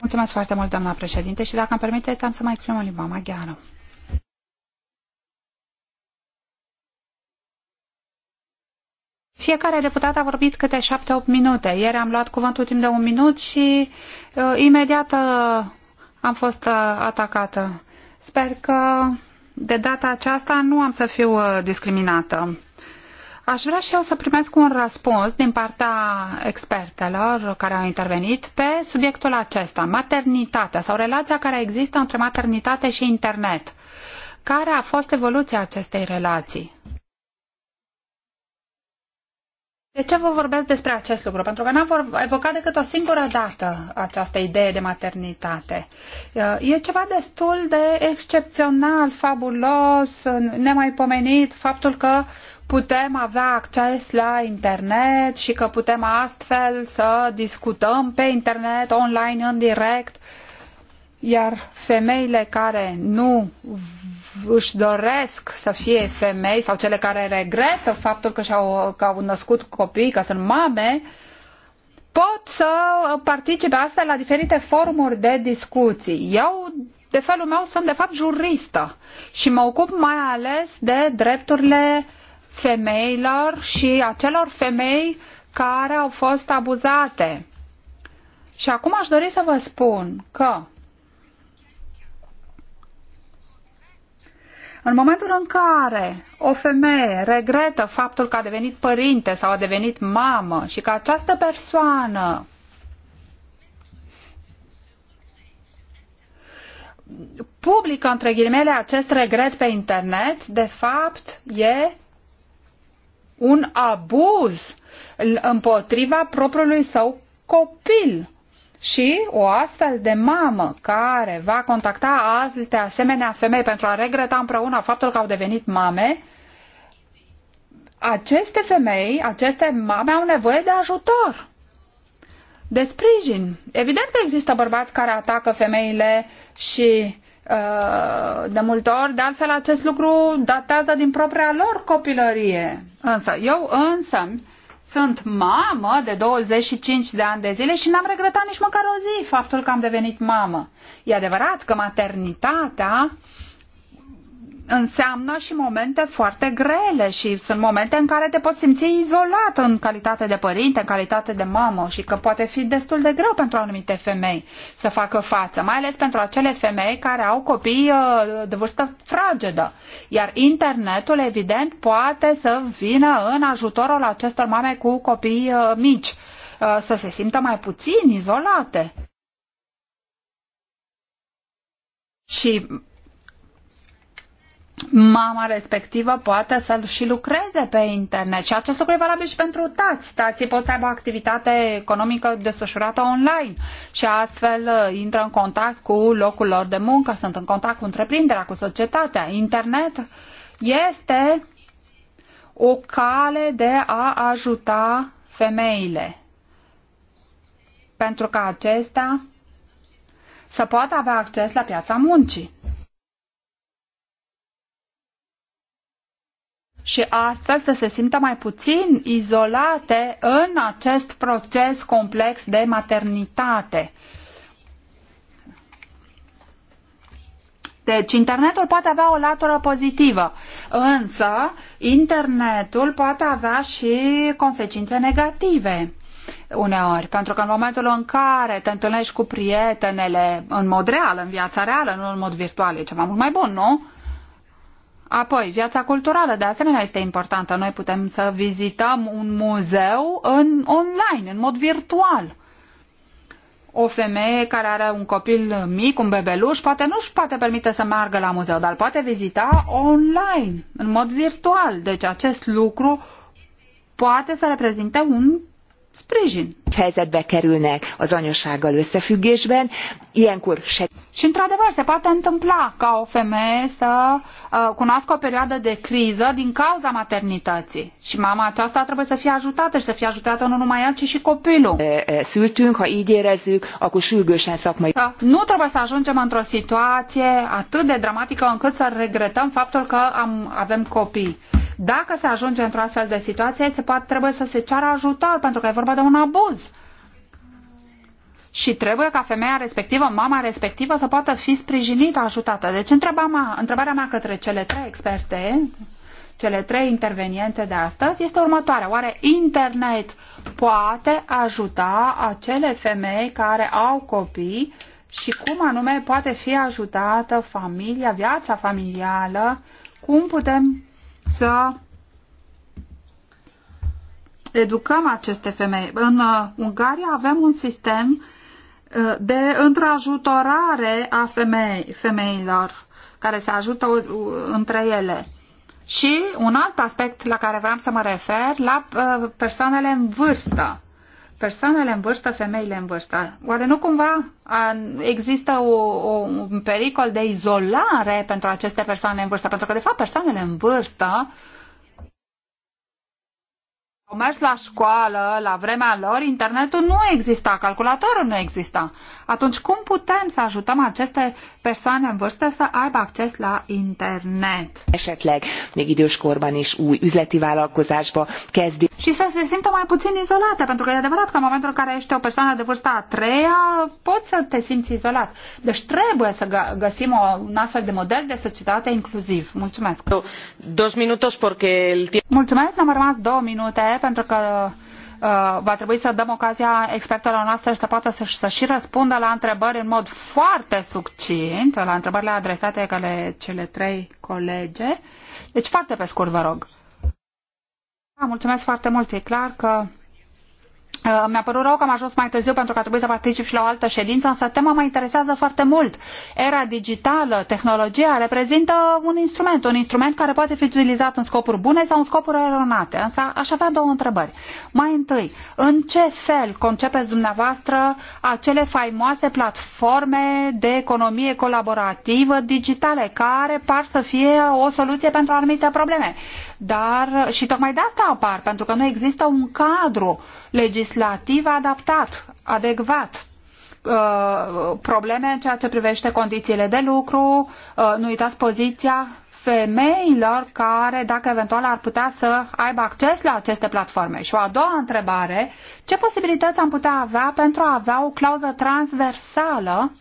Mulțumesc foarte mult, doamna președinte, și dacă îmi permiteți, am să mai exprim o limba maghiară. Fiecare deputat a vorbit câte șapte-opt minute. Ieri am luat cuvântul timp de un minut și uh, imediat uh, am fost uh, atacată. Sper că de data aceasta nu am să fiu uh, discriminată. Aș vrea și eu să primesc un răspuns din partea expertelor care au intervenit pe subiectul acesta, maternitatea sau relația care există între maternitate și internet. Care a fost evoluția acestei relații? De ce vă vorbesc despre acest lucru? Pentru că n-am evocat decât o singură dată această idee de maternitate. Uh, e ceva destul de excepțional, fabulos, nemaipomenit, faptul că putem avea acces la internet și că putem astfel să discutăm pe internet, online, în direct, iar femeile care nu își doresc să fie femei sau cele care regretă faptul că, și-au, că au născut copii, că sunt mame, pot să participe asta la diferite forumuri de discuții. Eu, de felul meu, sunt de fapt juristă și mă ocup mai ales de drepturile femeilor și acelor femei care au fost abuzate. Și acum aș dori să vă spun că În momentul în care o femeie regretă faptul că a devenit părinte sau a devenit mamă și că această persoană publică, între ghilimele, acest regret pe internet, de fapt, e un abuz împotriva propriului său copil. Și o astfel de mamă care va contacta alte asemenea femei pentru a regreta împreună faptul că au devenit mame, aceste femei, aceste mame au nevoie de ajutor, de sprijin. Evident că există bărbați care atacă femeile și uh, de multe ori, de altfel acest lucru datează din propria lor copilărie. Însă, eu însă sunt mamă de 25 de ani de zile și n-am regretat nici măcar o zi faptul că am devenit mamă. E adevărat că maternitatea uh, înseamnă și momente foarte grele și sunt momente în care te poți simți izolat în calitate de părinte, în calitate de mamă și că poate fi destul de greu pentru anumite femei să facă față, mai ales pentru acele femei care au copii uh, de vârstă fragedă. Iar internetul, evident, poate să vină în ajutorul acestor mame cu copii uh, mici, uh, să se simtă mai puțin izolate. Și mama respectivă poate să și lucreze pe internet. Și acest lucru e valabil și pentru tați. Tații pot să aibă activitate economică desfășurată online și astfel uh, intră în contact cu locul lor de muncă, sunt în contact cu întreprinderea, cu societatea. Internet este o cale de a ajuta femeile. Pentru că acestea să poată avea acces la piața muncii. și astfel să se simtă mai puțin izolate în acest proces complex de maternitate. Deci internetul poate avea o latură pozitivă, însă internetul poate avea și consecințe negative uneori, pentru că în momentul în care te întâlnești cu prietenele în mod real, în viața reală, nu în mod virtual, e ceva mult mai bun, nu? Apoi, viața culturală, de asemenea, este importantă. Noi putem să vizităm un muzeu în online, în mod virtual. O femeie care are un copil mic, un bebeluș, poate nu își poate permite să meargă la muzeu, dar poate vizita online, în mod virtual. Deci acest lucru poate să reprezinte un sprijin helyzetbe kerülnek az anyasággal összefüggésben, ilyenkor se... Și într-adevăr se poate întâmpla ca o femeie să uh, cunoască o perioadă de criză din cauza maternității. Și mama aceasta trebuie să fie ajutată și să fie ajutată nu numai ea, ci și copilul. Sültünk, ha így érezzük, akkor sürgősen szakmai... Nu trebuie să ajungem într-o situație atât de dramatică încât să regretăm faptul că am, avem copii. Dacă se ajunge într-o astfel de situație, se poate, trebuie să se ceară ajutor, pentru că e vorba de un abuz și trebuie ca femeia respectivă, mama respectivă, să poată fi sprijinită, ajutată. Deci întrebarea mea, întrebarea mea către cele trei experte, cele trei interveniente de astăzi, este următoarea. Oare internet poate ajuta acele femei care au copii și cum anume poate fi ajutată familia, viața familială, cum putem să educăm aceste femei. În uh, Ungaria avem un sistem de întrajutorare a femei, femeilor care se ajută între ele. Și un alt aspect la care vreau să mă refer, la uh, persoanele în vârstă. Persoanele în vârstă, femeile în vârstă. Oare nu cumva există o, o, un pericol de izolare pentru aceste persoane în vârstă? Pentru că, de fapt, persoanele în vârstă uh, au mers la școală la vremea lor, internetul nu exista, calculatorul nu exista atunci cum putem să ajutăm aceste persoane în vârstă să aibă acces la internet? Esetleg még korban is új üzleti vállalkozásba kezdi. Și să se simtă mai puțin izolate, pentru că e adevărat că în momentul în care ești o persoană de vârsta a treia, poți să te simți izolat. Deci trebuie să găsim o, un astfel de model de societate inclusiv. Mulțumesc. Dos minutos porque el Mulțumesc, ne-am rămas două minute pentru că Uh, va trebui să dăm ocazia expertelor noastre să poată să, să și răspundă la întrebări în mod foarte succint, la întrebările adresate către cele trei colege. Deci foarte pe scurt, vă rog. Da, mulțumesc foarte mult. E clar că mi-a părut rău că am ajuns mai târziu pentru că a trebuit să particip și la o altă ședință, însă tema mă interesează foarte mult. Era digitală, tehnologia, reprezintă un instrument, un instrument care poate fi utilizat în scopuri bune sau în scopuri eronate. Însă aș avea două întrebări. Mai întâi, în ce fel concepeți dumneavoastră acele faimoase platforme de economie colaborativă digitale care par să fie o soluție pentru anumite probleme? dar și tocmai de asta apar, pentru că nu există un cadru legislativ adaptat, adecvat uh, probleme în ceea ce privește condițiile de lucru, uh, nu uitați poziția femeilor care, dacă eventual, ar putea să aibă acces la aceste platforme. Și o a doua întrebare, ce posibilități am putea avea pentru a avea o clauză transversală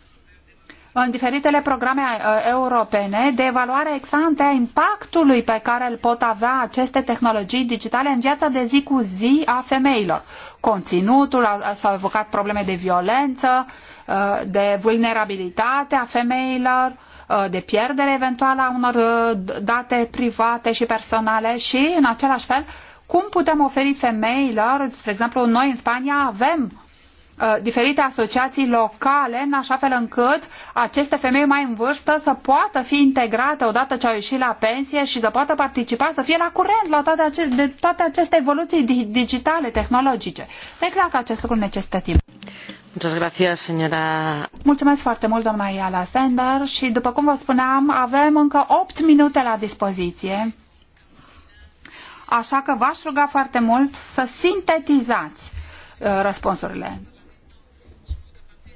în diferitele programe uh, europene de evaluare ante a impactului pe care îl pot avea aceste tehnologii digitale în viața de zi cu zi a femeilor. Conținutul, s-au evocat probleme de violență, uh, de vulnerabilitate a femeilor, uh, de pierdere eventuală a unor date private și personale și, în același fel, cum putem oferi femeilor, spre exemplu, noi în Spania avem Uh, diferite asociații locale, în așa fel încât aceste femei mai în vârstă să poată fi integrate odată ce au ieșit la pensie și să poată participa, să fie la curent la toate de toate aceste evoluții digitale, tehnologice. E clar că acest lucru necesită timp. Mulțumesc foarte mult, doamna Iala Sender, și după cum vă spuneam, avem încă 8 minute la dispoziție. Așa că v-aș ruga foarte mult să sintetizați uh, răspunsurile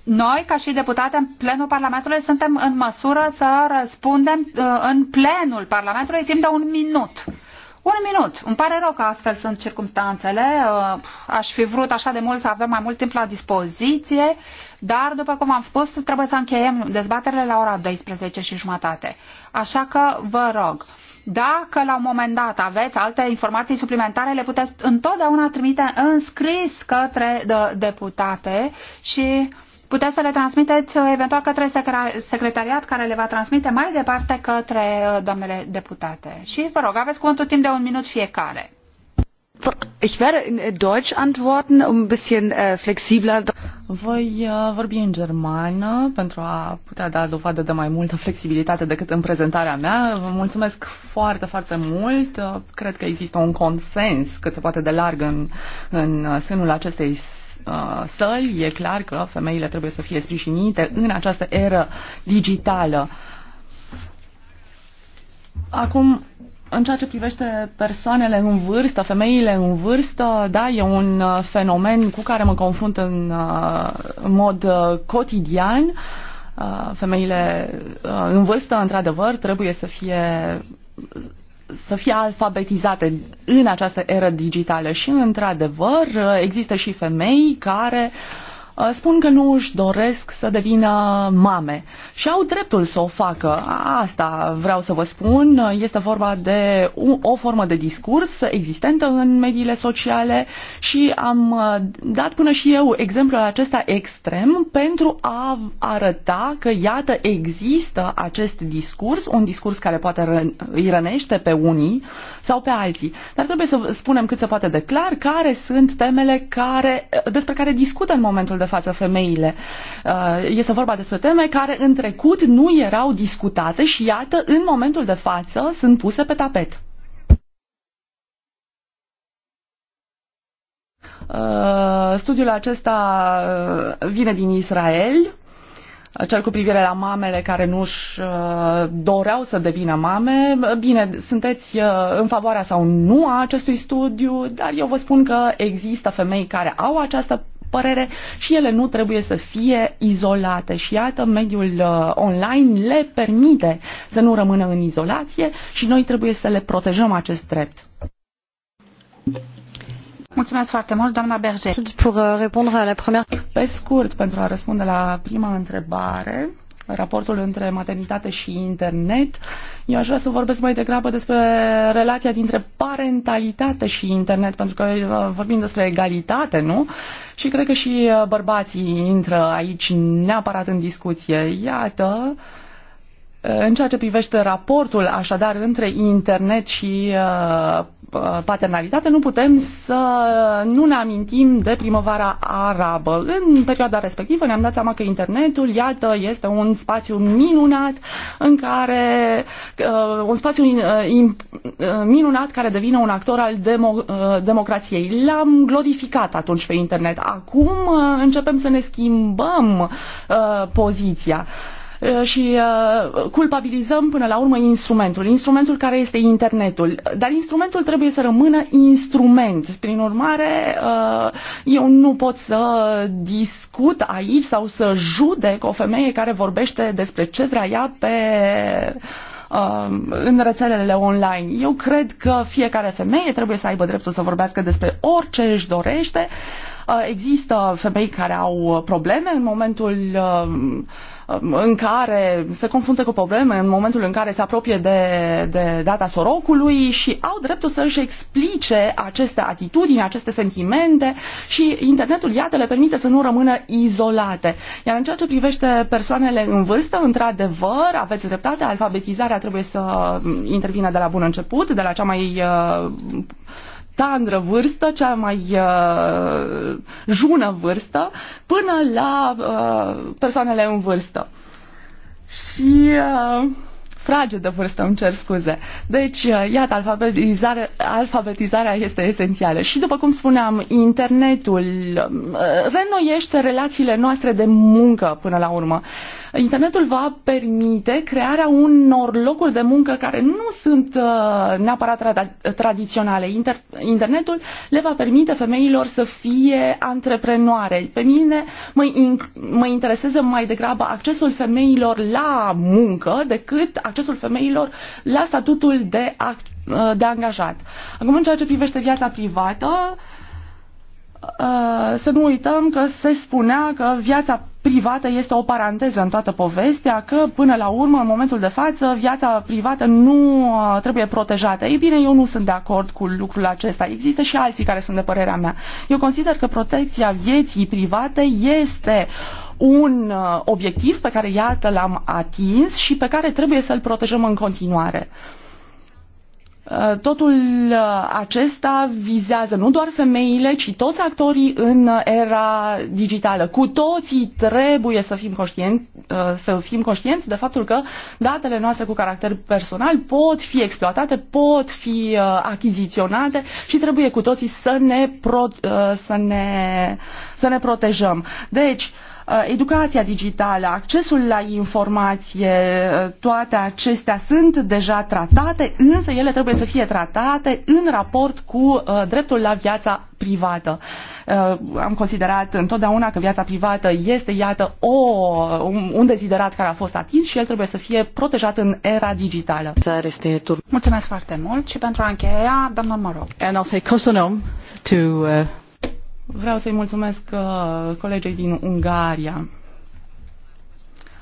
noi, ca și deputate în plenul Parlamentului, suntem în măsură să răspundem uh, în plenul Parlamentului timp de un minut. Un minut. Îmi pare rău că astfel sunt circumstanțele. Uh, aș fi vrut așa de mult să avem mai mult timp la dispoziție, dar, după cum am spus, trebuie să încheiem dezbaterele la ora 12 și jumătate. Așa că vă rog, dacă la un moment dat aveți alte informații suplimentare, le puteți întotdeauna trimite în scris către de uh, deputate și puteți să le transmiteți uh, eventual către secretariat care le va transmite mai departe către uh, doamnele deputate. Și vă rog, aveți cuvântul timp de un minut fiecare. Ich werde in äh, Deutsch antworten, um ein bisschen äh, flexibler. Voi uh, vorbi în germană pentru a putea da dovadă de mai multă flexibilitate decât în prezentarea mea. Vă mulțumesc foarte, foarte mult. Cred că există un consens cât se poate de larg în, în sânul acestei Uh, săli, e clar că femeile trebuie să fie sprijinite în această eră digitală. Acum, în ceea ce privește persoanele în vârstă, femeile în vârstă, da, e un uh, fenomen cu care mă confrunt în, uh, în mod cotidian. Femeile în vârstă, într-adevăr, trebuie să fie să fie alfabetizate în această eră digitală și, într-adevăr, există și femei care uh, Uh, spun că nu își doresc să devină mame și au dreptul să o facă. Asta vreau să vă spun. Este vorba de o formă de discurs existentă în mediile sociale și am uh, dat până și eu exemplul acesta extrem pentru a arăta că, iată, există acest discurs, un discurs care poate îi rănește pe unii sau pe alții. Dar trebuie să spunem cât se poate de clar care sunt temele care, uh, despre care discută în momentul de față femeile. Uh, este vorba despre teme care în trecut nu erau discutate și iată, în momentul de față, sunt puse pe tapet. Uh, studiul acesta uh, vine din Israel, cel cu privire la mamele care nu-și doreau să devină mame. Bine, sunteți în favoarea sau nu a acestui studiu, dar eu vă spun că există femei care au această părere și ele nu trebuie să fie izolate și iată mediul uh, online le permite să nu rămână în izolație și noi trebuie să le protejăm acest drept. Mulțumesc foarte mult, doamna Berger. Uh, Pe scurt, pentru a răspunde la prima întrebare, raportul între maternitate și internet, uh, eu aș vrea să vorbesc mai degrabă despre relația dintre parentalitate și internet, pentru că uh, vorbim despre egalitate, nu? Și cred că și uh, bărbații intră aici neapărat în discuție. Iată, uh, Uh, în ceea ce privește raportul, așadar, între internet și uh, uh, paternalitate, nu putem să nu ne amintim de primăvara arabă. În perioada respectivă ne-am dat seama că internetul, iată, este un spațiu minunat în care un spațiu minunat care devine un actor al demo, democrației. L-am glorificat atunci pe internet. Acum începem să ne schimbăm poziția. Uh, și uh, culpabilizăm până la urmă instrumentul, instrumentul care este internetul. Dar instrumentul trebuie să rămână instrument. Prin urmare, uh, eu nu pot să discut aici sau să judec o femeie care vorbește despre ce vrea ea pe în rețelele online. Eu cred că fiecare femeie trebuie să aibă dreptul să vorbească despre orice își dorește. Există femei care au probleme în momentul uh, în care se confruntă cu probleme în momentul în care se apropie de, de data sorocului și au dreptul să își explice aceste atitudini, aceste sentimente și internetul, iată, le permite să nu rămână izolate. Iar în ceea ce privește persoanele în vârstă, într-adevăr, aveți dreptate, alfabetizarea trebuie să intervină de la bun început, de la cea mai uh, tandră vârstă, cea mai uh, jună vârstă, până la uh, persoanele în vârstă. Și uh, de vârstă, îmi cer scuze. Deci, uh, iată, alfabetizare, alfabetizarea este esențială. Și, după cum spuneam, internetul uh, renoiește relațiile noastre de muncă până la urmă. Internetul va permite crearea unor locuri de muncă care nu sunt uh, neapărat tradiționale. Inter- internetul le va permite femeilor să fie antreprenoare. Pe mine mă, in- mă interesează mai degrabă accesul femeilor la muncă decât accesul femeilor la statutul de, uh, de angajat. Acum, în ceea ce privește viața privată, uh, să nu uităm că se spunea că viața privată este o paranteză în toată povestea, că până la urmă, în momentul de față, viața privată nu uh, trebuie protejată. Ei bine, eu nu sunt de acord cu lucrul acesta. Există și alții care sunt de părerea mea. Eu consider că protecția vieții private este un uh, obiectiv pe care, iată, l-am atins și pe care trebuie să-l protejăm în continuare. Uh, Uh, totul uh, acesta vizează nu doar femeile, ci toți actorii în era digitală. Cu toții trebuie să fim, conștienți, uh, să fim conștienți de faptul că datele noastre cu caracter personal pot fi exploatate, pot fi achiziționate și trebuie cu toții să ne, pro, să ne, să ne protejăm. Deci, uh, Uh, educația digitală, accesul la informație, uh, toate acestea sunt deja tratate, însă ele trebuie să fie tratate în raport cu uh, dreptul la viața privată. Am considerat întotdeauna că viața privată este, iată, o, un deziderat care a fost atins și el trebuie să fie protejat în era digitală. Mulțumesc foarte mult și pentru a încheia, doamna Moro. And I'll say to uh, Vreau să-i mulțumesc uh, colegei din Ungaria.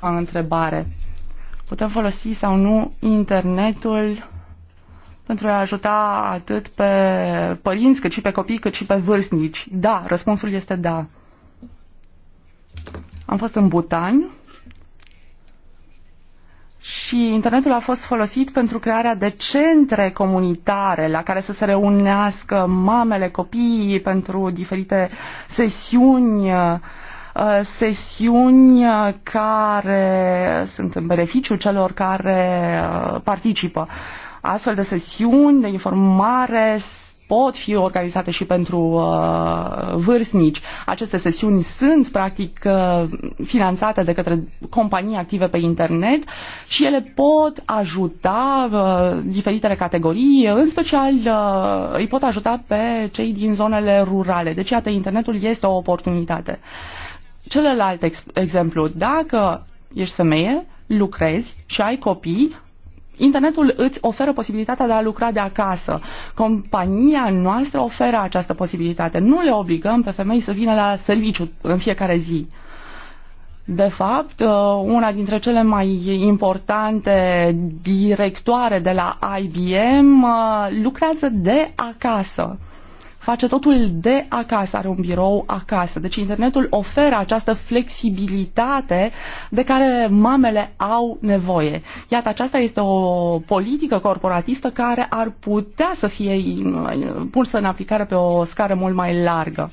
O întrebare. Putem folosi sau nu internetul pentru a ajuta atât pe părinți, cât și pe copii, cât și pe vârstnici? Da, răspunsul este da. Am fost în Butan și internetul a fost folosit pentru crearea de centre comunitare la care să se reunească mamele, copiii pentru diferite sesiuni uh, sesiuni uh, care sunt în beneficiu celor care uh, participă. Astfel de sesiuni de informare pot fi organizate și pentru uh, vârstnici. Aceste sesiuni sunt practic uh, finanțate de către companii active pe internet și ele pot ajuta uh, diferitele categorii, în special uh, îi pot ajuta pe cei din zonele rurale. Deci, iată, internetul este o oportunitate. Celălalt ex- exemplu, dacă ești femeie, lucrezi și ai copii, internetul îți oferă posibilitatea de a lucra de acasă. Compania noastră oferă această posibilitate. Nu le obligăm pe femei să vină la serviciu în fiecare zi. De fapt, uh, una dintre cele mai importante directoare de la IBM uh, lucrează de acasă face totul de acasă, are un birou acasă. Deci internetul oferă această flexibilitate de care mamele au nevoie. Iată, aceasta este o politică corporatistă care ar putea să fie pusă în aplicare pe o scară mult mai largă.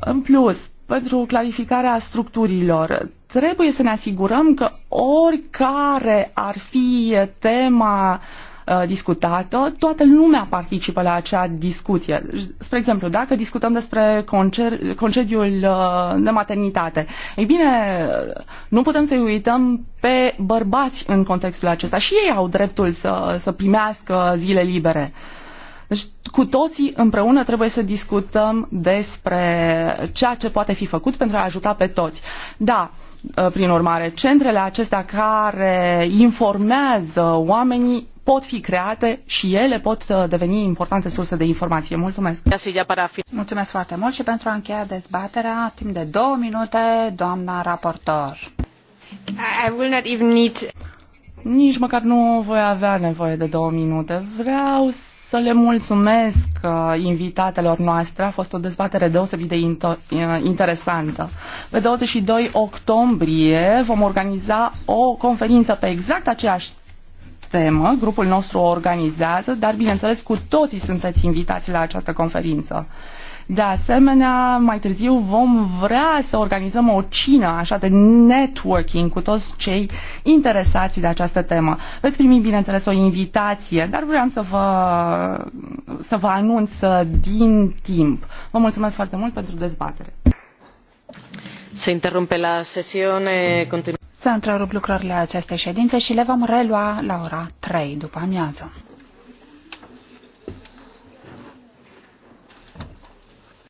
În plus, pentru clarificarea structurilor, trebuie să ne asigurăm că oricare ar fi tema uh, Uh, discutată, toată lumea participă la acea discuție. Spre exemplu, dacă discutăm despre concer, concediul uh, de maternitate, ei bine, nu putem să-i uităm pe bărbați în contextul acesta. Și ei au dreptul să, să primească zile libere. Deci cu toții împreună trebuie să discutăm despre ceea ce poate fi făcut pentru a ajuta pe toți. Da, uh, prin urmare, centrele acestea care informează oamenii pot fi create și ele pot uh, deveni importante surse de informație. Mulțumesc! Mulțumesc foarte mult și pentru a încheia dezbaterea, timp de două minute, doamna raportor. I will not even need... Nici măcar nu voi avea nevoie de două minute. Vreau să le mulțumesc uh, invitatelor noastre. A fost o dezbatere deosebit de uh, interesantă. Pe 22 octombrie vom organiza o conferință pe exact aceeași temă. Grupul nostru o organizează, dar bineînțeles cu toții sunteți invitați la această conferință. De asemenea, mai târziu vom vrea să organizăm o cină așa de networking cu toți cei interesați de această temă. Veți primi, bineînțeles, o invitație, dar vreau să vă, să vă anunț uh, din timp. Vă mulțumesc foarte mult pentru dezbatere. Se interrumpe la sesiune. Continu- să întrerup lucrările acestei ședințe și le vom relua la ora 3 după amiază.